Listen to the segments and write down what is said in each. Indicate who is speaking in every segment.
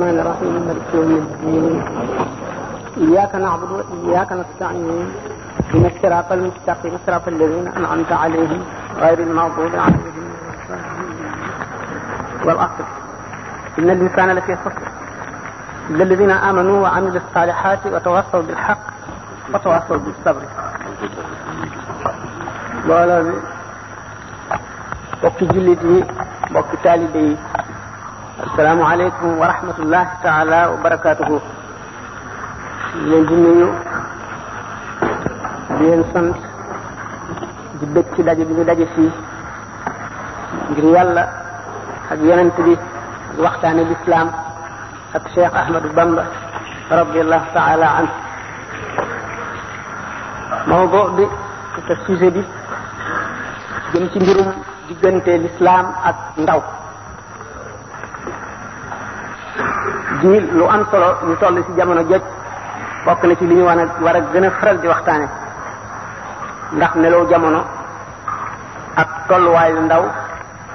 Speaker 1: الرحمن الرحيم مالك يوم الدين إياك نعبد وإياك نستعين من الصراط المستقيم صراط الذين أنعمت عليهم غير المغضوب عليهم والأصل إن الإنسان لفي خسر إلا الذين آمنوا وعملوا الصالحات وتواصوا بالحق وتواصوا بالصبر looloo bi mbokki jullit yi mbokki taalibe yi asalaamaaleykum wa rahmatullah taala wa barakaatuhu leen di nuyu di leen sant di bëgg ci daje bi ñu daje fii ngir yàlla ak yonent bi ak waxtaane lislaam ak Cheikh Ahmadu Bamba radiallahu taala an mawdo bi te sujet bi jëm ci mbirum diggante lislaam ak ndaw ci lu am solo mu toll ci jamono joj bokk na ci li ñu war a war a gën a faral di waxtaane ndax melow jamono ak tolluwaayu ndaw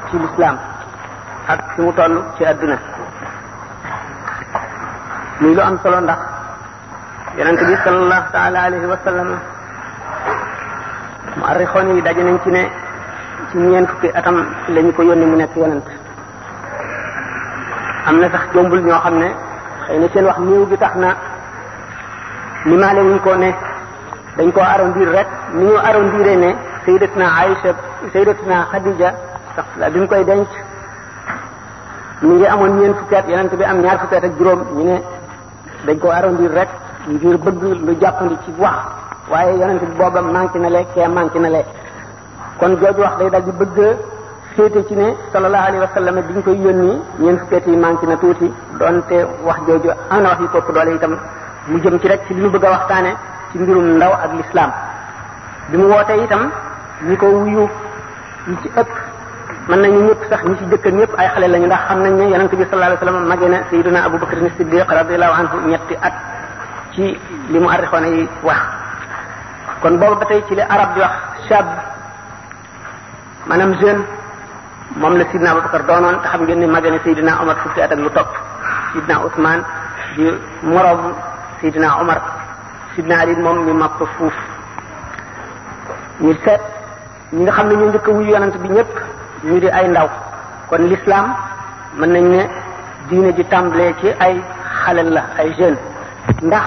Speaker 1: ci lislaam ak fi mu toll ci àdduna muy lu am solo ndax yonent bi sallallahu taala alayhi wa sallam mu arrixoon yi daje nañ ci ne ci ñeent fukki atam la ko yónni mu nekk yonent am na sax jombul ñoo xam ne xëy na seen wax néew gi tax na li maale wuñ ko ne dañ koo arrondir rek ni ñu arrondiré ne sayyidatuna Aïcha sayyidatuna Khadija sax la bi ñu koy denc mu ngi amoon ñeent fukki at yonent bi am ñaar fukki at ak juróom ñu ne dañ koo arrondir rek ngir bëgg lu jàppandi ci wax waaye yonent bi booba manqué na le kee manqué na le kon jooju wax day dal di bëgg féete ci ne sallallahu alayhi wa bi ñu koy yónni ñeent fukkeet yi manqué na tuuti donte wax jooju am na wax yu kopp doole itam mu jëm ci rek ci li ñu bëgg a waxtaane ci mbirum ndaw ak lislaam bi mu wootee itam ñi ko wuyu ñi ci ëpp mën nañu ñëpp sax ñi ci jëkkan ñëpp ay xale lañu ndax xam nañ ne yonent bi sallallahu alayhi wa sallam magee na sayyiduna Abu Bakr as-Siddiq radiyallahu anhu ñetti at ci li mu arrixoona yi wax kon boobu ba tey ci li arab di wax shab maanaam jeune moom la Sidna Abubakar doonoon te xam ngeen ni magane Seydina Omar fukki at ak lu topp Sidna Ousmane di moroom Seydina Omar Sidna Ali moom ñu mag ko fuuf ñu seet ñi nga xam ne ñu njëkk a wuyu yonent bi ñëpp ñu di ay ndaw kon lislaam mën nañ ne diine ji tàmbalee ci ay xalel la ay jeunes ndax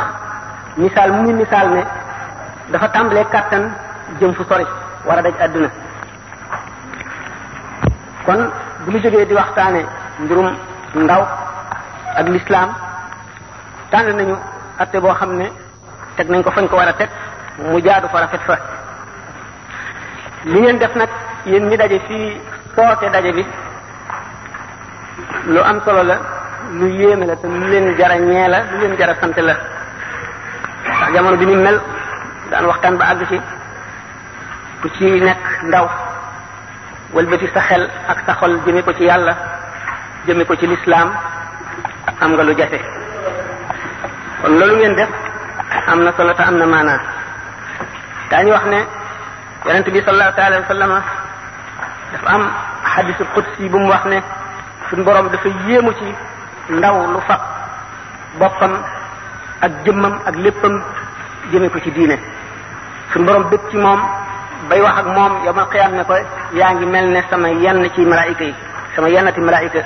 Speaker 1: misaal mu ngi misaal ne dafa tàmbalee kàttan jëm fu sori war a daj àdduna kon bu ñu jógee di waxtaane mbirum ndaw ak lislaam tànn nañu atte boo xam ne teg nañ ko fañ ko war a teg mu jaadu fa rafet fa li ngeen def nag yéen ñi daje fii soote daje bi lu am solo la lu yéeme la te lu leen jara ñee la lu leen jara sante la ndax jamono bi ni mel daan waxtaan ba àgg ci ku ci nekk ndaw wëlbati sa xel ak sa xol jëme ko ci yàlla jëme ko ci lislaam am nga lu jafe kon loolu ngeen def am na solo te am na maanaa daañu wax ne yonent bi sallallahu taala wa sallama dafa am xadisu qudsi bu mu wax ne suñ borom dafa yéemu ci ndaw lu fab boppam ak jëmmam ak léppam jëme ko ci diine suñ borom bëgg ci moom bay wax ak moom yawmal qiyaam ne ko yaa ngi mel ne sama yenn ci malaayika yi sama yennati malaayika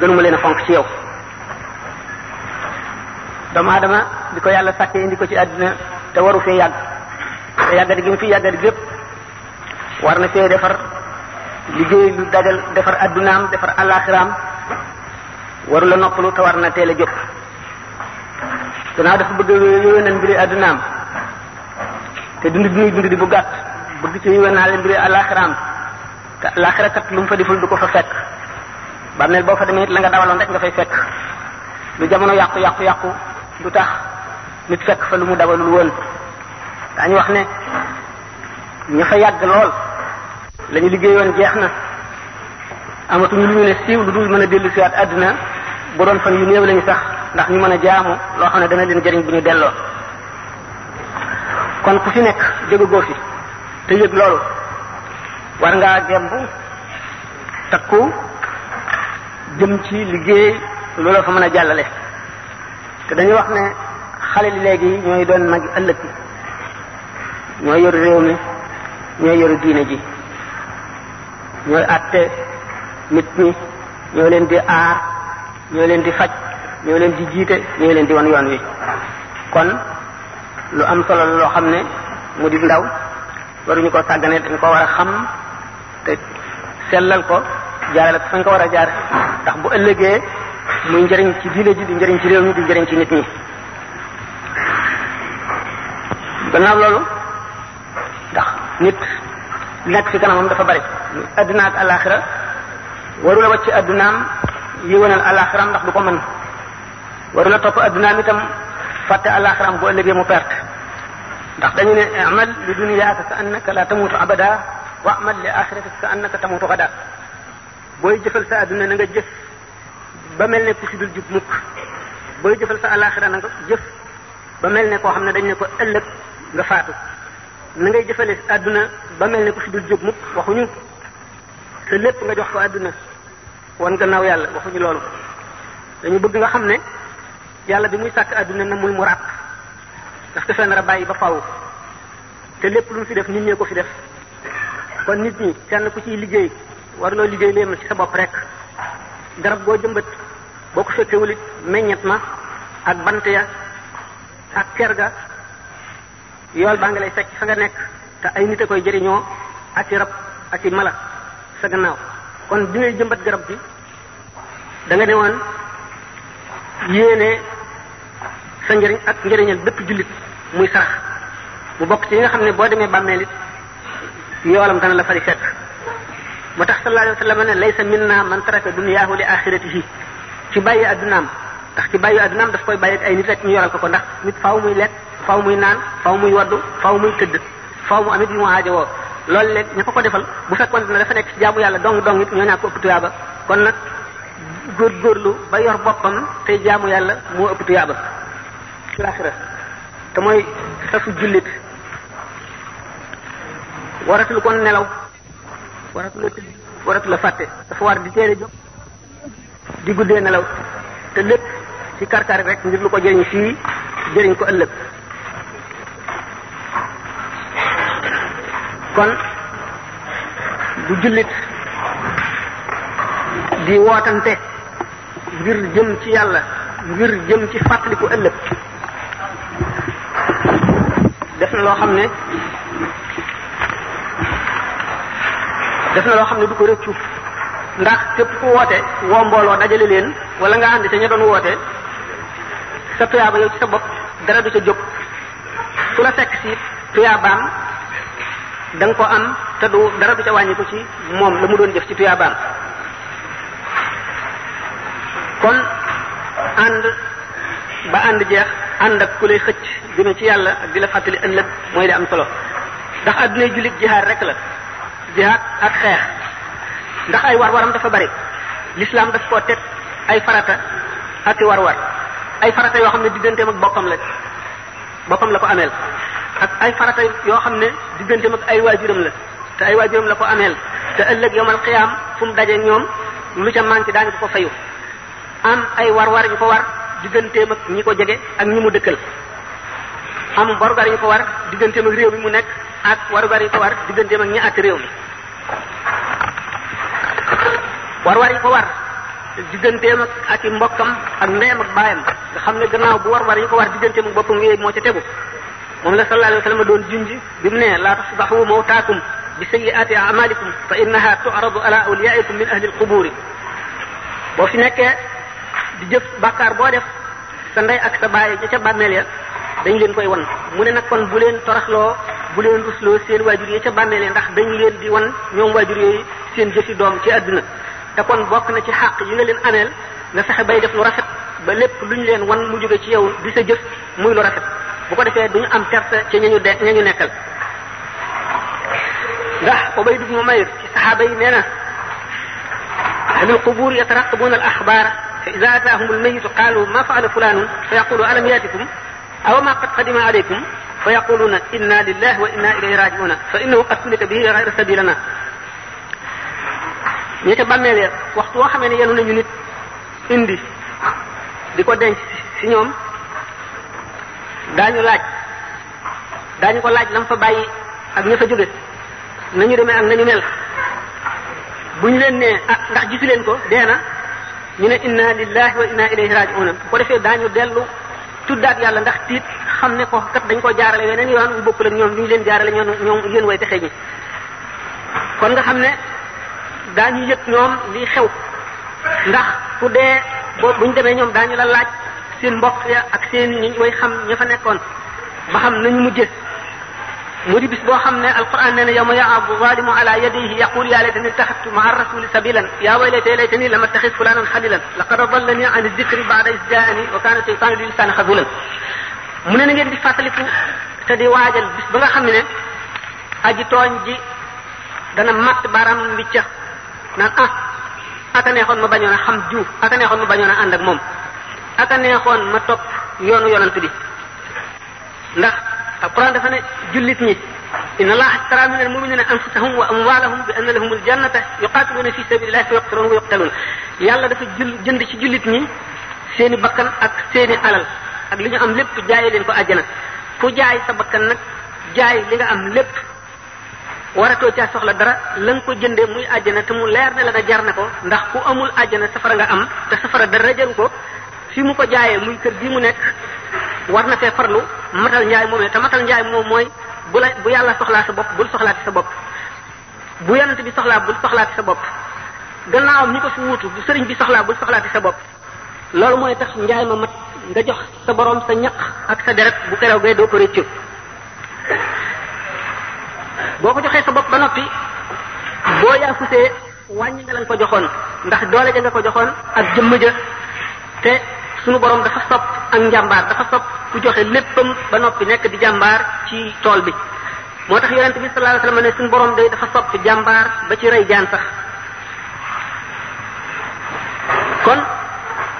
Speaker 1: gënuma leen fonk ci yaw doomu aadama bi ko yàlla sàkkee indi ko ci àdduna te waru fee yàgg te yàggati gi mu fi yàggati gépp war na fee defar liggéey lu dagal defar àddunaam defar alaxiraam waru la noppalu te war na teel a jóg gannaaw dafa bëgg yooyu nañ mbiri addunaam te dund bi muy dund di bu gàtt bëgg ci wénaale mbiri alaxiraam te alaxira kat lu mu fa deful du ko fa fekk bàmmeel boo fa demee it la nga dawaloon rek nga fay fekk lu jamono yàqu yàqu yàqu du tax nit fekk fa lu mu dawalul woon daañu wax ne ñu fa yàgg lool la ñu liggéeyoon jeex na amatuñu lu ñu ne siiw lu dul mën a dellu siwaat àddina bu doon fan yu néew lañu sax ndax ñu mën a jaamu loo xam ne dana leen jëriñ bu ñu delloo kon ku fi nekk dégg goo te yëg loolu war ngaa gemb takku jëm ci liggéey lu la fa mën a jàllale te dañuy wax ne xale li léegi ñooy doon nag ëllëg bi ñooy yoru réew mi ñooy yoru diine ji ñooy àtte nit ñi ñoo leen di a ñoo leen di faj ñoo leen di jiite ñoo leen di wan yoon wi kon lu am solo loo xam ne mu di ndaw waruñu ko sàggane dañ ko war a xam te sellal ko jaarale ko fañ ko war a jaar ndax bu ëllëgee muy njëriñ ci diine ji di njëriñ ci réew mi di njëriñ ci nit ñi gannaaw loolu ndax nit nekk ci kanamam dafa bari adduna ak alaxira warula wàcc addunaam yiwanal alaxiraam ndax du ko mën warula topp addunaam itam fàtte alaxiraam bu ëllëgee mu perte ndax dañu ne amal li duniyaaka ka annaka la tamutu abada wa amal li axiratika ka booy jëfal sa adduna na nga jëf ba mel ne ku si booy jëfal sa alaxira na nga jëf ba mel ne koo xam ne dañu ne ko ëllëg nga faatu na ngay jëfale àdduna ba mel ne ku si dul jub mukk waxuñu te lépp nga jox ko àdduna wan gannaaw yàlla waxuñu loolu dañu bëgg nga xam ne yàlla bi muy sàkk adduna na muy mu ràpp daf ko fee nar a bàyyi ba faaw te lépp lu mu fi def nit ñee ko fi def kon nit ñi kenn ku ciy liggéey war loo liggéey léem ci sa bopp rek garab goo jëmbat boo ko fekkewul it meññet ma ak bant ya ak ker ga yool baa ngi lay fekk fa nga nekk te ay nit a koy jëriñoo ak i rab ak i mala sa gannaaw kon bi ngay jëmbat garab bi da ne woon yéene sa ak njëriñal bépp jullit muy sarax mu bokk ci li nga xam ne boo demee bàmmeel it yoolam dana la fay fekk moo tax sallallahu alayhi wa sallam ne laysa minna man taraka dunyaahu li axiratihi ci bàyyi addunaam ndax ci bàyyi addunaam daf koy bàyyi ay nit rek ñu yoral ko ko ndax nit faw muy lekk faw muy naan faaw muy wodd faaw muy tëdd faaw mu amit yu mu aajowoo loolu léeg ñu ko ko defal bu fekkoon ne dafa nekk ci jaamu yàlla dong dong it ñoo ñaa ko ëpp tuyaaba kon nag góorgóorlu ba yor boppam tey jaamu yàlla moo laaxira te mooy safu jullit waratu la kon nelaw waratu la tëdd waratu la fàtte dafa war di teere jóg di guddee nelaw te lépp ci karkar rek ngir lu ko jëriñ fii jëriñ ko ëllëg
Speaker 2: kon bu jullit
Speaker 1: di wootante ngir jëm ci yàlla ngir jëm ci fàttaliku ëllëg def na loo xam ne def na loo xam ne du ko rëccu ndax képp ku woote woo mbooloo dajale leen wala nga ànd ca ña doon woote sa tuyaaba yow ci sa bopp dara du ca jóg ku la fekk si tuyaabaam da ko am te du dara du ca wàññiku ci moom la mu doon jëf ci tuyaabaam kon ànd ba ànd jeex ànd ak ku lay xëcc jëme ci yàlla di la fàttali ëllëg mooy di am solo ndax addunay jullit jihaad rek la jihaad ak xeex ndax ay war-waram dafa bari l'islam daf koo teg ay farata ak i war-war ay farata yoo xam ne digganteem ak boppam la boppam la ko ameel ak ay farata yoo xam ne digganteem ak ay waajuram la te ay waajuram la ko ameel te ëllëg yomal xiyaam fu mu daje ñoom lu ca manqué daañu ko ko am ay war-war yu ko war. digganteem ak ñi ko jege ak ñi mu dëkkal am warugar yi ko war digganteem ak réew mi mu nekk ak warugar yi ko war digganteem ak ñi àtt réew mi warugar yi ko war digganteem ak ak i mbokkam ak ndeyam ak baayam nga xam ne gannaaw bu warugar yi ko war digganteem ak boppam yooyu moo ca tegu moom la sallallahu alayhi wa doon junj bi mu ne laa tasbahu mawtaakum bi sayyi'ati a'malikum fa innaha tu'radu ala awliyaikum min ahli al boo fi nekkee di jëf bakaar boo def sa ndey ak sa baay ca ca bàmmeel ya dañ leen koy wan mu ne nag kon bu leen toraxloo bu leen rusloo seen waajur yi ca bàmmeel ya ndax dañu leen di wan ñoom waajur yooyu seen jëfi doom ci àdduna te kon bokk na ci xàq yi nga leen ameel nga fexe bay def lu rafet ba lépp lu ñu leen wan mu jóge ci yow di sa jëf muy lu rafet bu ko defee duñu am perte ci ñañu de ñañu nekkal ndax Ubayd ibn Umayr ci saxaaba yi nee na ahlul qubuur yataraqabuuna al axbaar fa iza ataahum almayitu qaalu ma faala fulaanun fa yaqulu alam yaatikum aw ma qad qadima alaykum fa inna lillahi wa inna ilayhi rajiuna fa innahu qad sulika bihi ghayra sabilana ñi ca bàmmeel ya waxtu woo xamee ne yenu nañu nit indi di ko denc ci ñoom daañu laaj daañu ko laaj lam fa bàyyi ak ña fa jóge nañu demee ak nañu mel bu ñu leen nee ah ndax gisu leen ko dee na ñu ne inna lillahi wa inna ilayhi raji'un bu ko defee daañu dellu tuddaat yàlla ndax tiit xam ne ko kat dañ ko jaarale weneen yoon bu bokkul ak ñoom ñu leen jaarale ñoom ñoom yéen way texe ñi kon nga xam ne daañu yëg ñoom li xew ndax ku dee boo bu ñu demee ñoom daañu la laaj seen mbokk ya ak seen ñi way xam ñu fa nekkoon ba xam nañu mujje mu di bis boo xam ne alquran nee na yawma ya'abu zalimu ala yadayhi yaqul yaa laytani ittaxadtu maa rasuli sabilan yaa waylatee laytani lam attaxis fulanan xalilan laqad adallani an dikri ba'da a jaa'ani wa kaana shaytaanu li lisaani mu ne na ngeen di fàttaliku te di waajal bis ba xam ne aji tooñ ji dana matt baaraam mbicca naan ah aka ma bañoon a xam jiw aka neexoon ma bañoon a ànd ak moom aka neexoon ma topp yoonu yonant bi ndax alquran dafa ne jullit ñi inna allaha ashtara min almuminina anfusahum wa amwalahum bi anna lahum aljannata yuqatiluna fi sabilillahi fa yuqtaluuna wa yuqtaluun yàlla dafa jël jënd ci jullit ñi seeni bakkan ak seeni alal ak li ñu am lépp jaay leen ko àjjana ku jaay sa bakkan nag jaay li nga am lépp waratoo caa soxla dara lan ko jëndee muy àjjana te mu leer ne la nga jar ko ndax ku amul àjjana safara nga am te safara dara jaru ko fi mu ko jaayee muy kër gi mu nekk war na fee farlu matal njaay moomee te matal njaay moom mooy bu la bu yàlla soxlaa sa bopp bul soxlaati sa bopp bu yonent bi soxlaa bul soxlaati sa bopp gannaawam ñi ko fi wuutu bu sëriñ bi soxlaa bul soxlaati sa bopp loolu mooy tax njaay ma mat nga jox sa borom sa ñaq ak sa deret bu kerew gay doo ko réccu boo ko joxee sa bopp ba noppi boo yaa wàññi nga lañ ko joxoon ndax doole ja nga ko joxoon ak jëmm ja te sunu borom dafa sopp ak njàmbaar dafa sopp ku joxe léppam ba noppi nekk di jàmbaar ci tool bi moo tax yonent bi sallallahu alayhi wasallam ne suñu boroom day dafa sopp jàmbaar ba ci rey jaan sax kon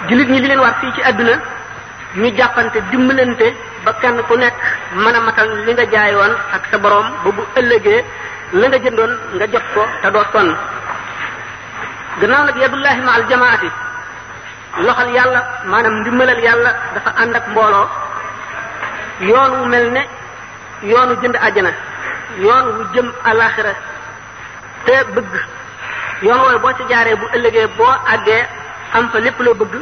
Speaker 1: jullit ñi li leen war fii ci àdduna ñu jàppante dimbalante ba kenn ku nekk mën a matal li nga jaayoon ak sa borom ba bu ëllëgee la nga jëndoon nga jot ko te doo sonn gannaaw nag yadullahi ma al loxal yàlla maanaam ndimbalal yàlla dafa ànd ak mbooloo yoon wu mel ne yoonu jënd àjjana yoon wu jëm alaxira te bëgg yoon wooyu boo ci jaaree bu ëllëgee boo àggee am fa lépp loo bëgg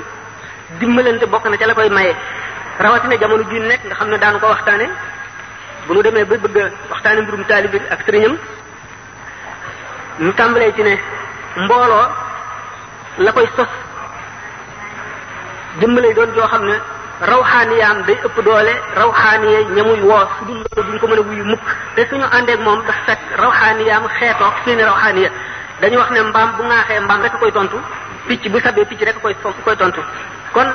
Speaker 1: dimbalante bokk na ca la koy maye rawatina jamono ji nekk nga xam ne daanu ko waxtaane bu nu demee ba bëgg waxtaane mbirum taalib bi ak sëriñam ñu tàmbalee ci ne mbooloo la koy sos jëmm lay doon yoo xam ne rawxaaniyaam day ëpp doole rawxaaniye ñamuy woo su dul loolu duñ ko mën a wuyu mukk te suñu àndeek moom dafa fekk rawxaaniyaam xeetoog seeni rawxaaniya dañu wax ne mbaam bu ŋaaxee mbaam rek a koy tontu picc bu sabee picc rek a koy koy tontu kon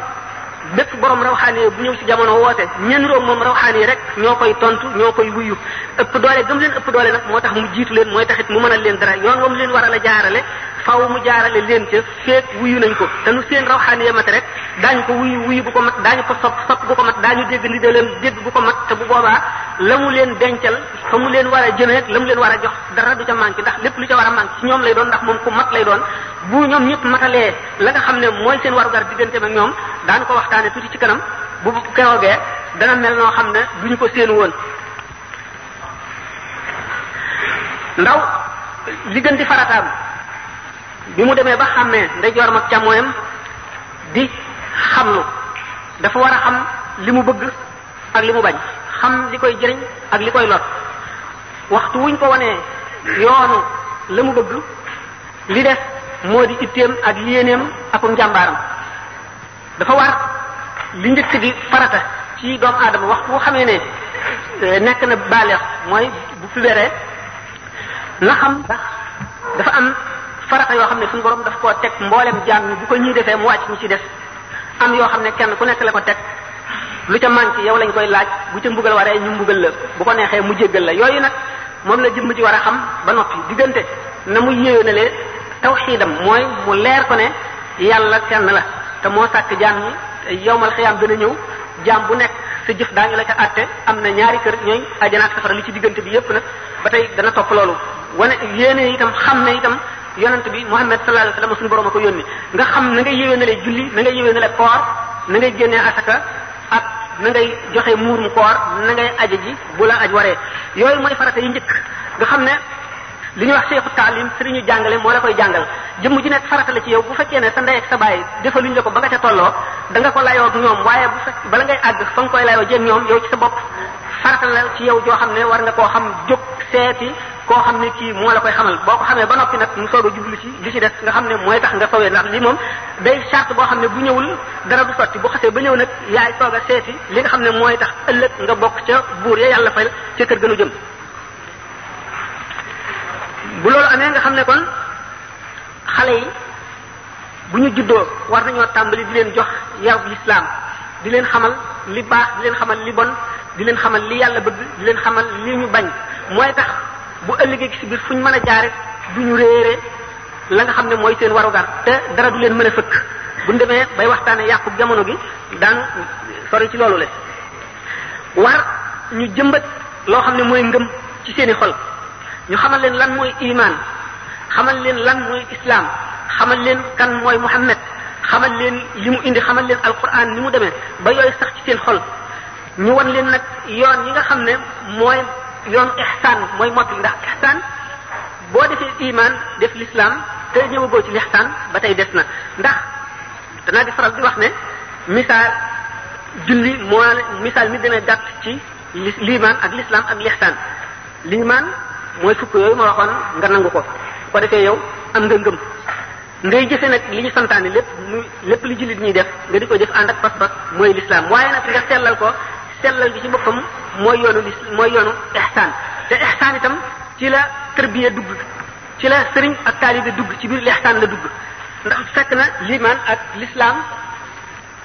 Speaker 1: bépp borom rawxaan yi bu ñëw ci jamono woote ñenn moom rawxaan yi rek ñoo koy tontu ñoo koy wuyu ëpp doole gëm leen ëpp doole nag moo tax mu jiitu leen mooy taxit mu mënal leen dara yoon wam leen war a la jaarale faw mu leen ca feek nañ ko te nu seen rawxaan yi mat rek daañu ko wuyu wuyu bu ko mat daañu ko sopp sopp bu ko mat daañu dégg ndi leen dégg bu ko mat te bu boobaa la mu leen dencal fa mu leen war a jëmeeg la mu leen war a jox dara du ca manqué ndax lépp lu ca war a manqué ci ñoom lay doon ndax moom ku mat lay doon bu ñoom ñëpp la nga xam ne mooy seen warugar diggante ak ñoom daan ko waxtaane tuuti ci kanam bu keroogee dana mel noo xam ne du ñu ko séen woon ndaw li gën di farataam bi mu demee ba xàmmee ndeyjooram ak càmmooyam di xam lu dafa war a xam li mu bëgg ak li mu bañ xam li koy jëriñ ak li koy lot waxtu wuñ ko wanee yoonu la mu bëgg li def moo di itteem ak yéeneem akum njàmbaaram dafa war li njëkk di farata ci doomu aadama waxtu boo xamee ne eh, nekk na baaleex mooy bu pubéré na xam ndax dafa am farata yoo xam ne suñu borom daf koo teg mboolem jaam ñi bu ko ñuy defee mu wàcc mu ci def am yoo xam ne kenn ku nekk la ko teg lu ca manqué yow lañ koy laaj bu ca mbugal waree ñu mbugal la bu ko neexee mu jéggal la yooyu nag moom la jëmm ci war a xam ba noppi diggante na mu yéwénalee tawxiidam mooy mu leer ko ne yàlla kenn la te moo sàkk jaam ñi te yowmal xiyaam dina ñëw jaam bu nekk sa jëf daañu la ca àtte am na ñaari kër ñooy ajana ak safara li ci diggante bi yépp na ba tey dana topp loolu wane yéene itam xam ne itam yonent bi Muhammad sallallahu alayhi la suñu borom a ko yónni nga xam na ngay yéwénale julli na ngay yéwénale koor na ngay génnee asaka ak na ngay joxe muur muurum koor na ngay aja ji bu la aj waree yooyu mooy farata yi njëkk nga xam ne li ñuy wax seexu taalim sëriñu jàngale moo la koy jàngal jëmm ji nekk farata la ci yow bu fekkee ne sa ndey ak sa baay defaluñ la ko ba nga ca tolloo da nga ko layoo ak ñoom waaye bu fekk bala ngay àgg fa nga koy layoo jéeg ñoom yow ci sa bopp farata la ci yow joo xam ne war nga koo xam jóg seeti koo xam ne kii moo la koy xamal boo ko xamee ba noppi nag mu soog a ci li ci des nga xam ne mooy tax nga sowee ndax li moom day charte boo xam ne bu ñëwul dara du sotti bu xasee ba ñëw nag yaay soog a seeti li nga xam ne mooy tax ëllëg nga bokk ca buur ya yàlla fay ca kër gënu jëm bu loolu amee nga xam ne kon xale yi bu ñu juddoo war nañoo tàmbali di leen jox yarub lislaam di leen xamal li baax di leen xamal li bon di leen xamal li yàlla bëgg di leen xamal li ñu bañ mooy tax bu ëllëgee ci biir fu ñu mën a jaare du ñu réere la nga xam ne mooy seen warugar te dara du leen mën a fëkk bu ñu demee bay waxtaanee yàqu jamono gi daan sori ci loolu le war ñu jëmbat loo xam ne mooy ngëm ci seeni xol ñu xamal leen lan mooy iman xamal leen lan mooy islam xamal leen kan mooy muhammad xamal leen li mu indi xamal leen alquran ni mu demee ba yooyu sax ci seen xol ñu wan leen nag yoon yi nga xam ne mooy yoon ihsaan mooy mottali ndax ihsaan boo defee iman def l'islam te ñëwagoo ci lihsaan ba tey des na ndax danaa di faral di wax ne misaal julli moo misaal mi dana gàtt ci liimaan ak l'islam ak lihsaan liimaan mooy fukk yooyu ma waxoon nga nangu ko su ko defee yow am nga ngëm ngay jëfe nag li ñu santaane lépp muy lépp lu jullit ñuy def nga di ko jëf ànd ak pas-pas mooy lislaam waaye nag nga sellal ko sellal bi ci boppam mooy yoonu li mooy yoonu ihsaan te ihsaan itam ci la tërbiya dugg ci la sëriñ ak taalibe dugg ci biir lihsaan la dugg ndax fekk na limaan ak lislaam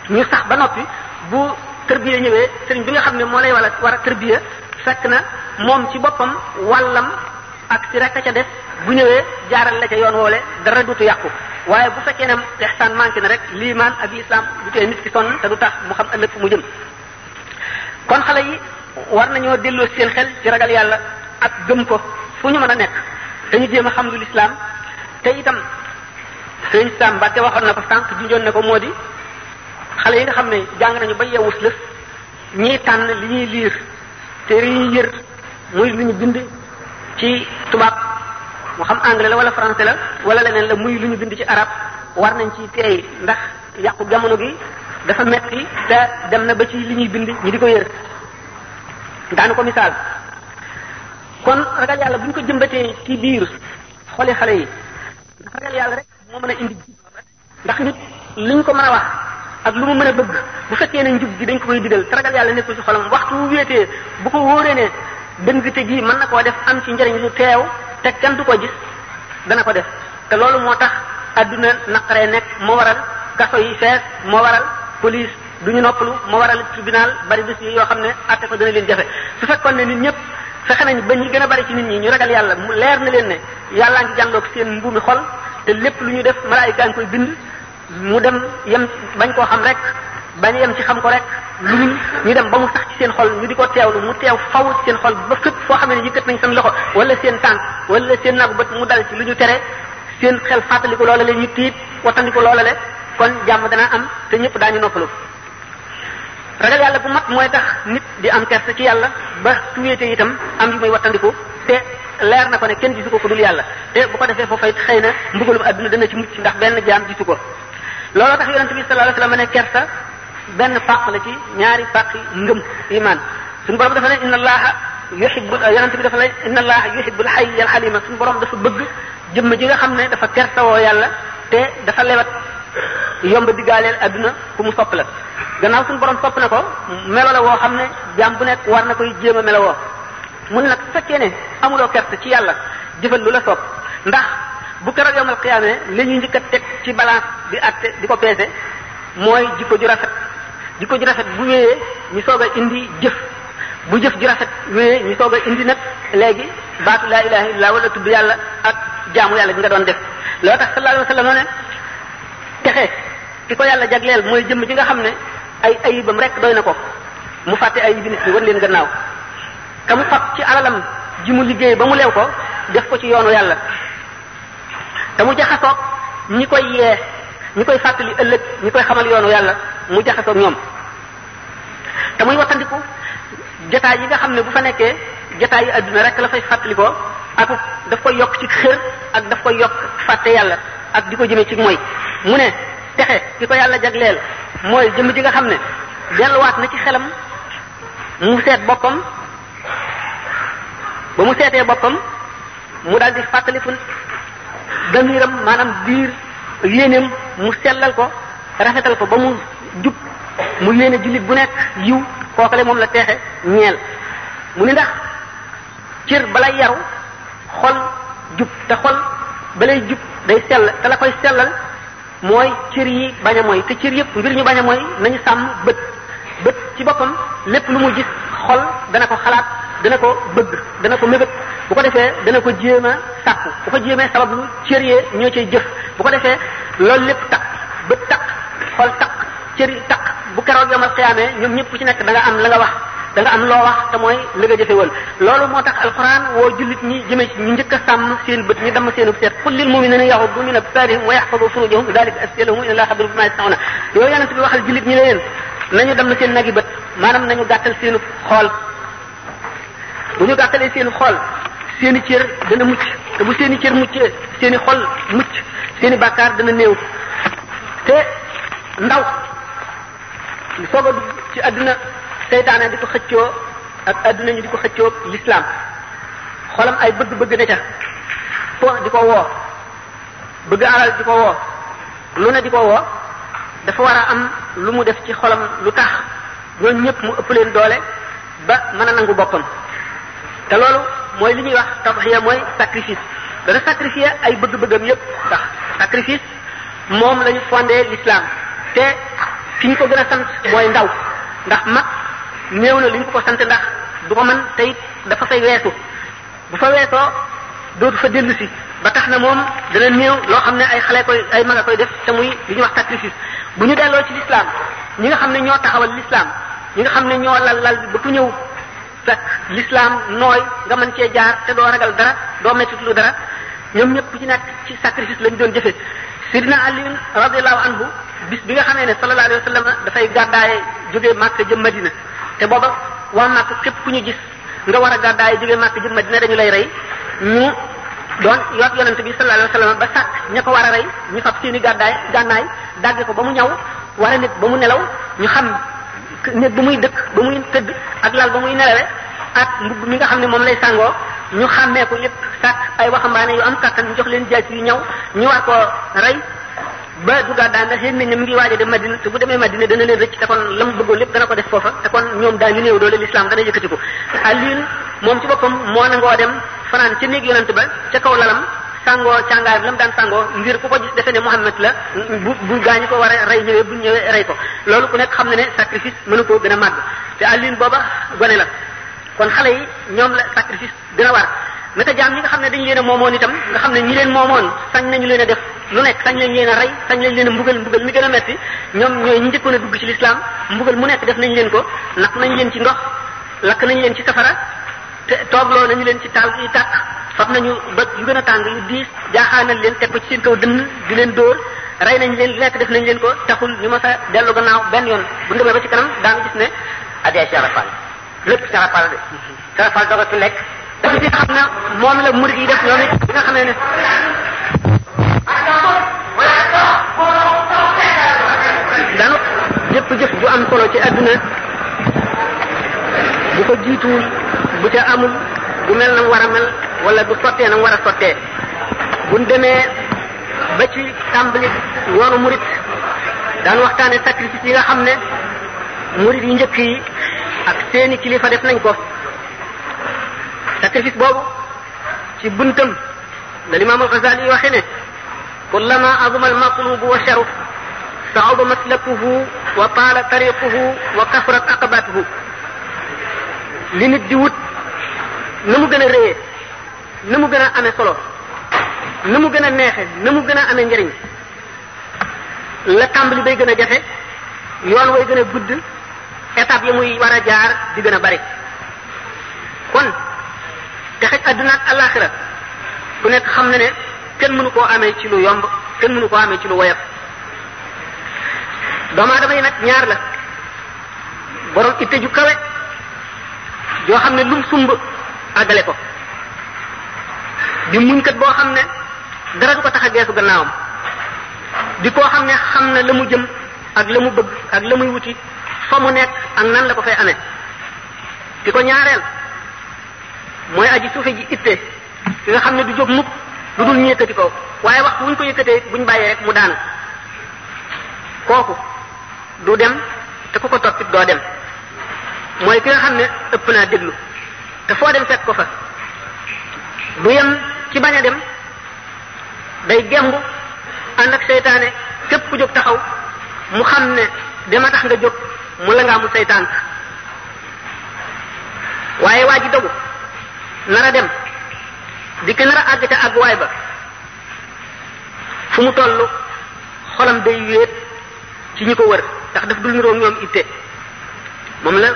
Speaker 1: ñu sax ba noppi bu tërbiya ñëwee sëriñ bi nga xam ne moo lay wala war a tërbiya fekk na moom ci boppam wàllam ak ci rek ca des bu ñëwee jaaral la ca yoon woole dara dutu yàqu waaye bu fekkee ne ihsaan manqué na rek liimaan ak islam du tee nit ki sonn te du tax mu xam ëllëg fu mu jëm kon xale yi war nañoo delloo seen xel ci ragal yàlla ak gëm ko fu ñu mën a nekk dañu jéem a xam lu lislaam te itam sëñ Sam Mbacké waxoon na ko sànq junjoon na ko moo di xale yi nga xam ne jàng nañu ba yeewus lëf ñiy tànn li ñuy liir téere yi yër muy lu ñu bind ci tubaab mu xam anglais la wala français la wala leneen la muy lu ñu bind ci arab war nañ ci teey ndax yàqu jamono gi dafa metti te dem na ba ci li ñuy bind ñi di ko yër daanu ko misaal kon ragal yàlla bu ñu ko jëmbatee ci biir xoli xale yi ndax ragal yàlla rek moo mën a indi ndax nit liñ ko mën a wax ak lu mu mën a bëgg bu fekkee ne njub gi dañ ko koy digal te ragal yàlla nekkul ci xolam waxtu wu wéetee bu ko wóoree ne dëngte gi mën na koo def am ci njariñ lu teew te kenn du ko gis dana ko def te loolu moo tax adduna naqare nekk moo waral kaso yi fees moo waral police du ñu noppalu moo waral tribunal bari bés yi yoo xam ne atte ko dana leen jafe su fekkoon ne nit ñëpp fexe nañ ba ñu gën a bari ci nit ñi ñu ragal yàlla mu leer na leen ne yàllaa ngi jànloog seen mbuumi xol te lépp lu ñu def malaayika ngi koy bind mu dem yem bañ koo xam rek bañ yem ci xam ko rek lu ñu ñu dem ba mu sax ci seen xol ñu di ko teewlu mu teew faw ci seen xol ba fépp foo xam ni yëkkat nañ seen loxo wala seen tànk wala seen nagu bët mu dal ci lu ñu tere seen xel fàttaliku loola le ñu tiit wattandiku loola le kon jàmm dana am te ñëpp daañu noppalu ragal yàlla bu mat mooy tax nit di am kersa ci yàlla ba tuyeete itam am yu muy wattandiku te leer na ko ne kenn gisu ko ku dul yàlla te bu ko defee foofa it xëy na mbugalum adduna dana ci mucc ndax benn jaam gisu ko looloo tax yonente bi sallallahu la wa ne kersa benn pàq la ci ñaari pàq ngëm iman suñu borom dafa ne inna allaha yuhibbu yonente bi dafa ne inna allaha yuhibbul hayy al halima suñu borom dafa bëgg jëmm ji nga xam ne dafa kersawoo yàlla te dafa lewat yomb digaaleel adduna ku mu sopp la gannaaw suñu borom sopp na ko melo la woo xam ne jaam bu nekk war na koy jéem a melo woo mun nag fekkee ne amuloo kersa ci yàlla jëfal lu la sopp ndax bu keroog yowmal xiyaamee li ñu njëkk a teg ci balance bi atte di ko peese mooy jikko ju rafet jikko ju rafet bu wéyee ñu soog a indi jëf bu jëf ju rafet wéyee ñu soog a indi nag léegi baatu laa ilaha illallah wala tudd yàlla ak jaamu yàlla bi nga doon def loo tax sallallahu alayhi wa sallam ne texe ki ko yàlla jagleel mooy jëmm ji nga xam ne ay ay ayibam rek doy na ko mu fàtte ay nit bi wan leen gannaaw ka mu ci alalam ji mu liggéey ba mu leew ko def ko ci yoonu yàlla te mu jaxasoog ñi koy yee ñi koy fàttali ëllëg ñi koy xamal yoonu yàlla mu jaxasoog ñoom te muy wattandiku jataay yi nga xam ne bu fa nekkee jataay yi àdduna rek la fay fàttalikoo ak daf koy yokk ci ak daf koy yokk fàtte yàlla ak di ko jëmee ci moy mu ne texe ki ko yàlla jagleel mooy jëmm ji nga xam ne delluwaat na ci xelam mu seet boppam ba mu seetee boppam mu daal di fàttaliku damiram maanaam biir yéeneem mu sellal ko rafetal ko ba mu jub mu yéene jullit bu nekk yiw kookale moom la teexe ñeel mu ni ndax cër balay yaru xol jub te xol balay jub day sell te la koy sellal mooy cër yi bañ mooy te cër yëpp ngir ñu bañ a mooy nañu sàmm bët bët ci boppam lépp lu mu gis xol dana ko xalaat dana ko bëgg dana ko mébét bu ko defee dana ko jéem a sàkku bu ko jéemee sabab lu cër yee ñoo cay jëf bu ko defee loolu lépp takk bët takk xol takk cër yi takk bu keroog yomal xiyaamee ñoom ñëpp ku ci nekk da am la nga wax da am loo wax te mooy la nga jëfewal loolu moo tax alquran woo jullit ñi jëmee ci ñu njëkk a sàmm seen bët ñu damm seenu seet qul lil muminina yaxudu min absarihim wa yaxfadu furujahum dalika askiya lahum ila xabiru bima yasnauna yooyu yonent bi waxal jullit ñi la yéen nañu damm seen bët maanaam nañu gàttal seenu xool bu ñu gàttalee seen xol seeni cër dana mucc te bu seeni cër muccee seeni xol mucc seeni bàkkaar dana néew te ndaw soog a ci àdduna seytaane di ko xëccoo ak àdduna ñu di ko xëccoo lislaam xolam ay bëgg-bëgg ne ca po di ko woo bëgg alal di ko woo lu ne di ko woo dafa war a am lu mu def ci xolam lu tax ñooñu ñëpp mu ëpp leen doole ba mën a nangu boppam te loolu mooy li ñuy wax tadhiya mooy sacrifice dana sacrifier ay bëgg-bëggam yépp ndax sacrifice moom la ñu fondé l'islam te ki ñu ko gën a sant mooy ndaw ndax mag néew na lu ñu ko ko sant ndax du ko mën tey dafa fay weesu bu fa weesoo dootu fa dellu si ba tax na moom dana néew loo xam ne ay xale koy ay mag a koy def te muy li ñuy wax sacrifice bu ñu delloo ci l'islam ñi nga xam ne ñoo taxawal lislaam ñi nga xam ne ñoo lal lal bi ba ku ñëw fekk l'islam nooy nga mën cee jaar te doo ragal dara doo mettitlu dara ñoom ñëpp ci nekk ci sacrifice lañ doon jëfe sidina aliyun radiallahu anhu bis bi nga xamee ne sallallahu alayhi wa sallam dafay gàddaaye jóge Makka jëm Madina te booba waa Makka képp ku ñu gis nga war a gàddaaye jóge Makka jëm Madina dañu lay rey ñu doon yoot yonente bi sallallahu alayhi wa sallam ba sàkk ña ko war a rey ñu fab seeni gàddaay gànnaay dagge ko ba mu ñaw war a nit ba mu nelaw ñu xam dëkk néeg ba muy dëkk ba muy tëdd ak laal ba muy nelawe ak mbubb mi nga xam ne moom lay sangoo ñu xàmmee ko lépp sàkk ay waxambaane yu am kàttan ñu jox leen jaas yu ñëw ñu war koo rey ba dugaat daan ndax yéen ne mu ngi waaj a dem te bu demee Madina dana leen rëcc te kon la mu bëggoon lépp dana ko def foofa te kon ñoom daañu néew doole l'islam dana yëkkati ko. Alioune moom ci boppam moo nangoo dem fanaan ca néeg yonent ba ca kaw lalam sangoo càngaay bi la mu daan sangoo ngir ku ko gis defe ne Muhammad la bu bu gaañu ko war a rey ñëwee bu ñëwee rey ko loolu ku nekk xam ne ne sacrifice mënu koo gën a màgg te àllin booba gone la kon xale yi ñoom la sacrifice gën a war naka jaam ñi nga xam ne dañu leen a moomoon itam nga xam ne ñi leen moomoon sañ nañu leen def lu nekk sañ lañ leen rey sañ lañ leen a mbugal mbugal mi gën a metti ñoom ñooy ñi njëkkoon a dugg ci lislaam mbugal mu nekk def nañ leen ko lakk nañ leen ci ndox lakk nañ leen ci safara te toogloo nañu leen ci taal yi tàkk fab nañu bët yu gën a tàng yu diis jaaxaanal leen teg ko ci seen kaw dënn di leen dóor rey nañ leen lekk def nañ leen ko taxul ñu ma sa dellu gannaaw benn yoon bu demee ba ci kanam daanu gis ne adee sarafal lépp sarafal de sarafal doga ci lekk daf ci xam ne moom la murid yi def ñoom it nga xam ne ne daanu jëpp jëf ju am solo ci adduna bu ko jiituwul bu ca amul du mel na mu war a mel wala du sottee na mu war a sottee buñ demee ba ci tàmbali yoonu murit daan waxtaane sacrifice yi nga xam ne murit yu njëkk yi ak seeni kilifa def nañ ko sacrifice boobu ci buntam la limaam al-Ghazali yi waxe ne kullama azuma al-matlubu wa sharuf sa'uba maslakuhu wa taala tariquhu wa kasrat aqabatuhu li nit di wut na mu gën a réyee na mu gën a amee solo nu mu gën a neexe na mu gën a ame njariñ la tàmbali bay gën a jafe yoon way gën a gudd étape yi muy war a jaar di gën a bari kon te xëj àdduna ak bu nekk xam na ne kenn mënu koo amee ci lu yomb kenn mënu koo amee ci lu woyof doomu aadama nag ñaar la borom itte ju kawe yoo xam ne lum sumb àggale ko di muñkat boo xam ne dara du ko tax a geesu gannaawam di koo xam ne xam na la mu jëm ak la mu bëgg ak la muy wuti fa mu nekk ak nan la ko fay amee ki ko ñaareel mooy aji suufe ji itte ki nga xam ne du jóg mukk lu dul ñu yëkkati ko waaye waxtu wuñ ko yëkkatee buñ bàyyee rek mu daan kooku du dem te ku ko toppit doo dem mooy ki nga xam ne ëpp naa déglu te foo dem fekk ko fa du yem ci bañ a dem day gembu ànd ak seytaane képp ku jóg taxaw mu xam ne dama tax nga jóg mu la ngaa mu say tànk waaye waa ji dogu nar a dem di ko nar a àgg ca àgguwaay ba fu mu toll xolam day wéet ci ñi ko wër ndax daf dul niroog ñoom itte moom la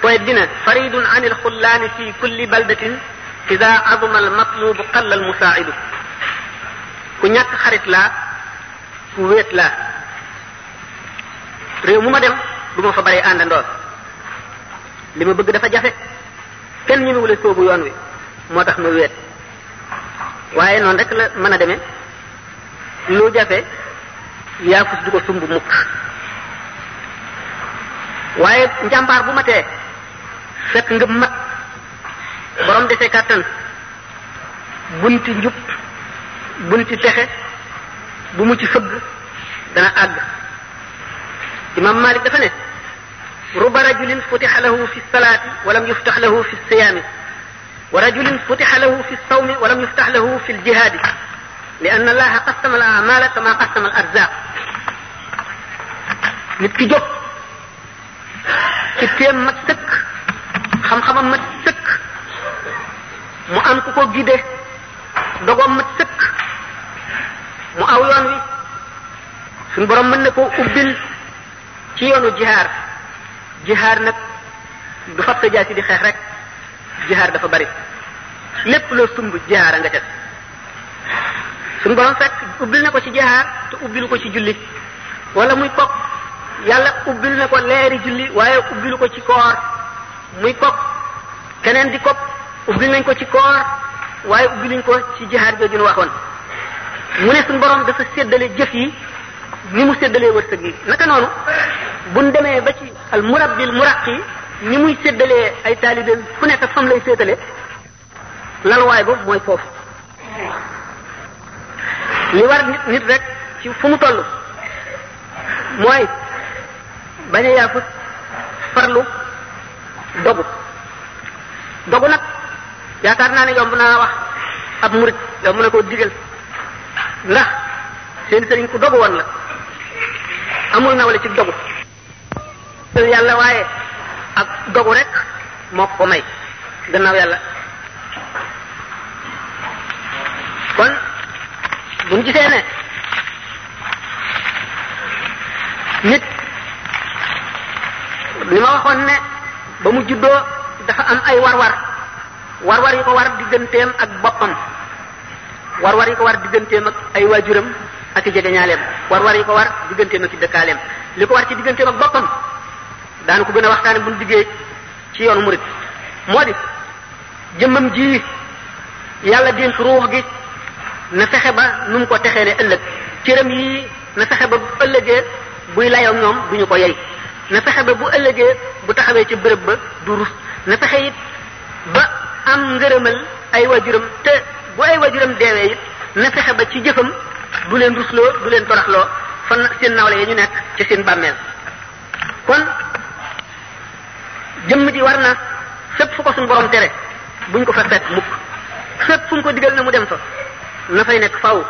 Speaker 1: poet dina faridun an il xullaani fi kulli baldatin ida azuma al matlubu qalla al musaaidu ku ñàkk xarit laa ku wéet laa réew mu ma dem du ma fa bare àndandoor li ma bëgg dafa jafe kenn ñu wule soobu yoon wi moo tax ma wéet waaye noonu rek la mën a deme lu jafe yaafus du ko sumb mukk waaye njàmbaar bu ma tee fekk nga mat borom dese kàttan bunti njub bunti texe bu mu ci fëgg dana àgg imam malik dafa ne ruba rajulin futiha lahu fi salaati walam yuftax lahu fi siyaami wa rajulin futiha lahu fi sawmi walam yuftax lahu fi ljihaadi li anna allaha qasama al amala kama qasama al arzaq nit ki jóg ci téem mat sëkk xam-xamam mat sëkk mu am ku ko gide dogoom mat sëkk mu aw yoon wi suñ borom mën na koo ubbil ci yoonu jihaar jihaar nag du fab sa jaasi di xeex rek jihaar dafa bari lépp la sumb jihaar a nga teg suñ borom fekk ubbil na ko ci jihaar te ubbilu ko ci julli wala muy kook yàlla ubbil na ko leeri julli waaye ubbilu ko ci koor muy kopp keneen di kopp ubbil nañ ko ci koor waaye ubbil nañ ko ci jihaad jooju nu waxoon mu ne suñu borom dafa séddale jëf yi ni mu séddalee wërsëg yi naka noonu buñ demee ba ci al murabbil muraqi ni muy séddalee ay taalibe fu nekk fam lay séddale lalwaay boobu mooy foofu li war nit nit rek fu mu toll mooy bañ a farlu dogu dogu nag yaakaar naa ne yomb naa wax ab murit yomb na koo digal ndax seen sëriñ ku dogu woon la amul nawle ci dogu yàlla waaye ak dogu rek moo ko may gannaaw yàlla kon buñ gisee ne nit li ma waxoon ne ba mu juddoo dafa am ay war-war war-war yi ko war digganteem ak boppam war-war yi ko war digganteem ak ay waajuram ak i jegeñaaleem war-war yi ko war digganteem ak i dëkkaaleem li ko war ci digganteem ak boppam daanu ko gën a waxtaane bu ñu diggee ci yoonu murid moo di jëmmam ji yàlla dénk ruux gi na fexe ba nu mu ko texee ne ëllëg cëram yi na fexe ba bu ëllëgee buy layoo ñoom du ñu ko yey na fexe ba bu ëllëgee bu taxawee ci bërëb ba du rus na fexe it ba am ngërëmal ay waajuram te bu ay waajuram deewee it na fexe ba ci jëfam du leen rusloo du leen toraxloo fan seen nawle ya ñu nekk ci seen bàmmeel kon jëmm ji war na fépp fu ko suñu borom tere buñ ko fa fekk mukk fépp fu mu ko digal na mu dem fa na fay nekk faw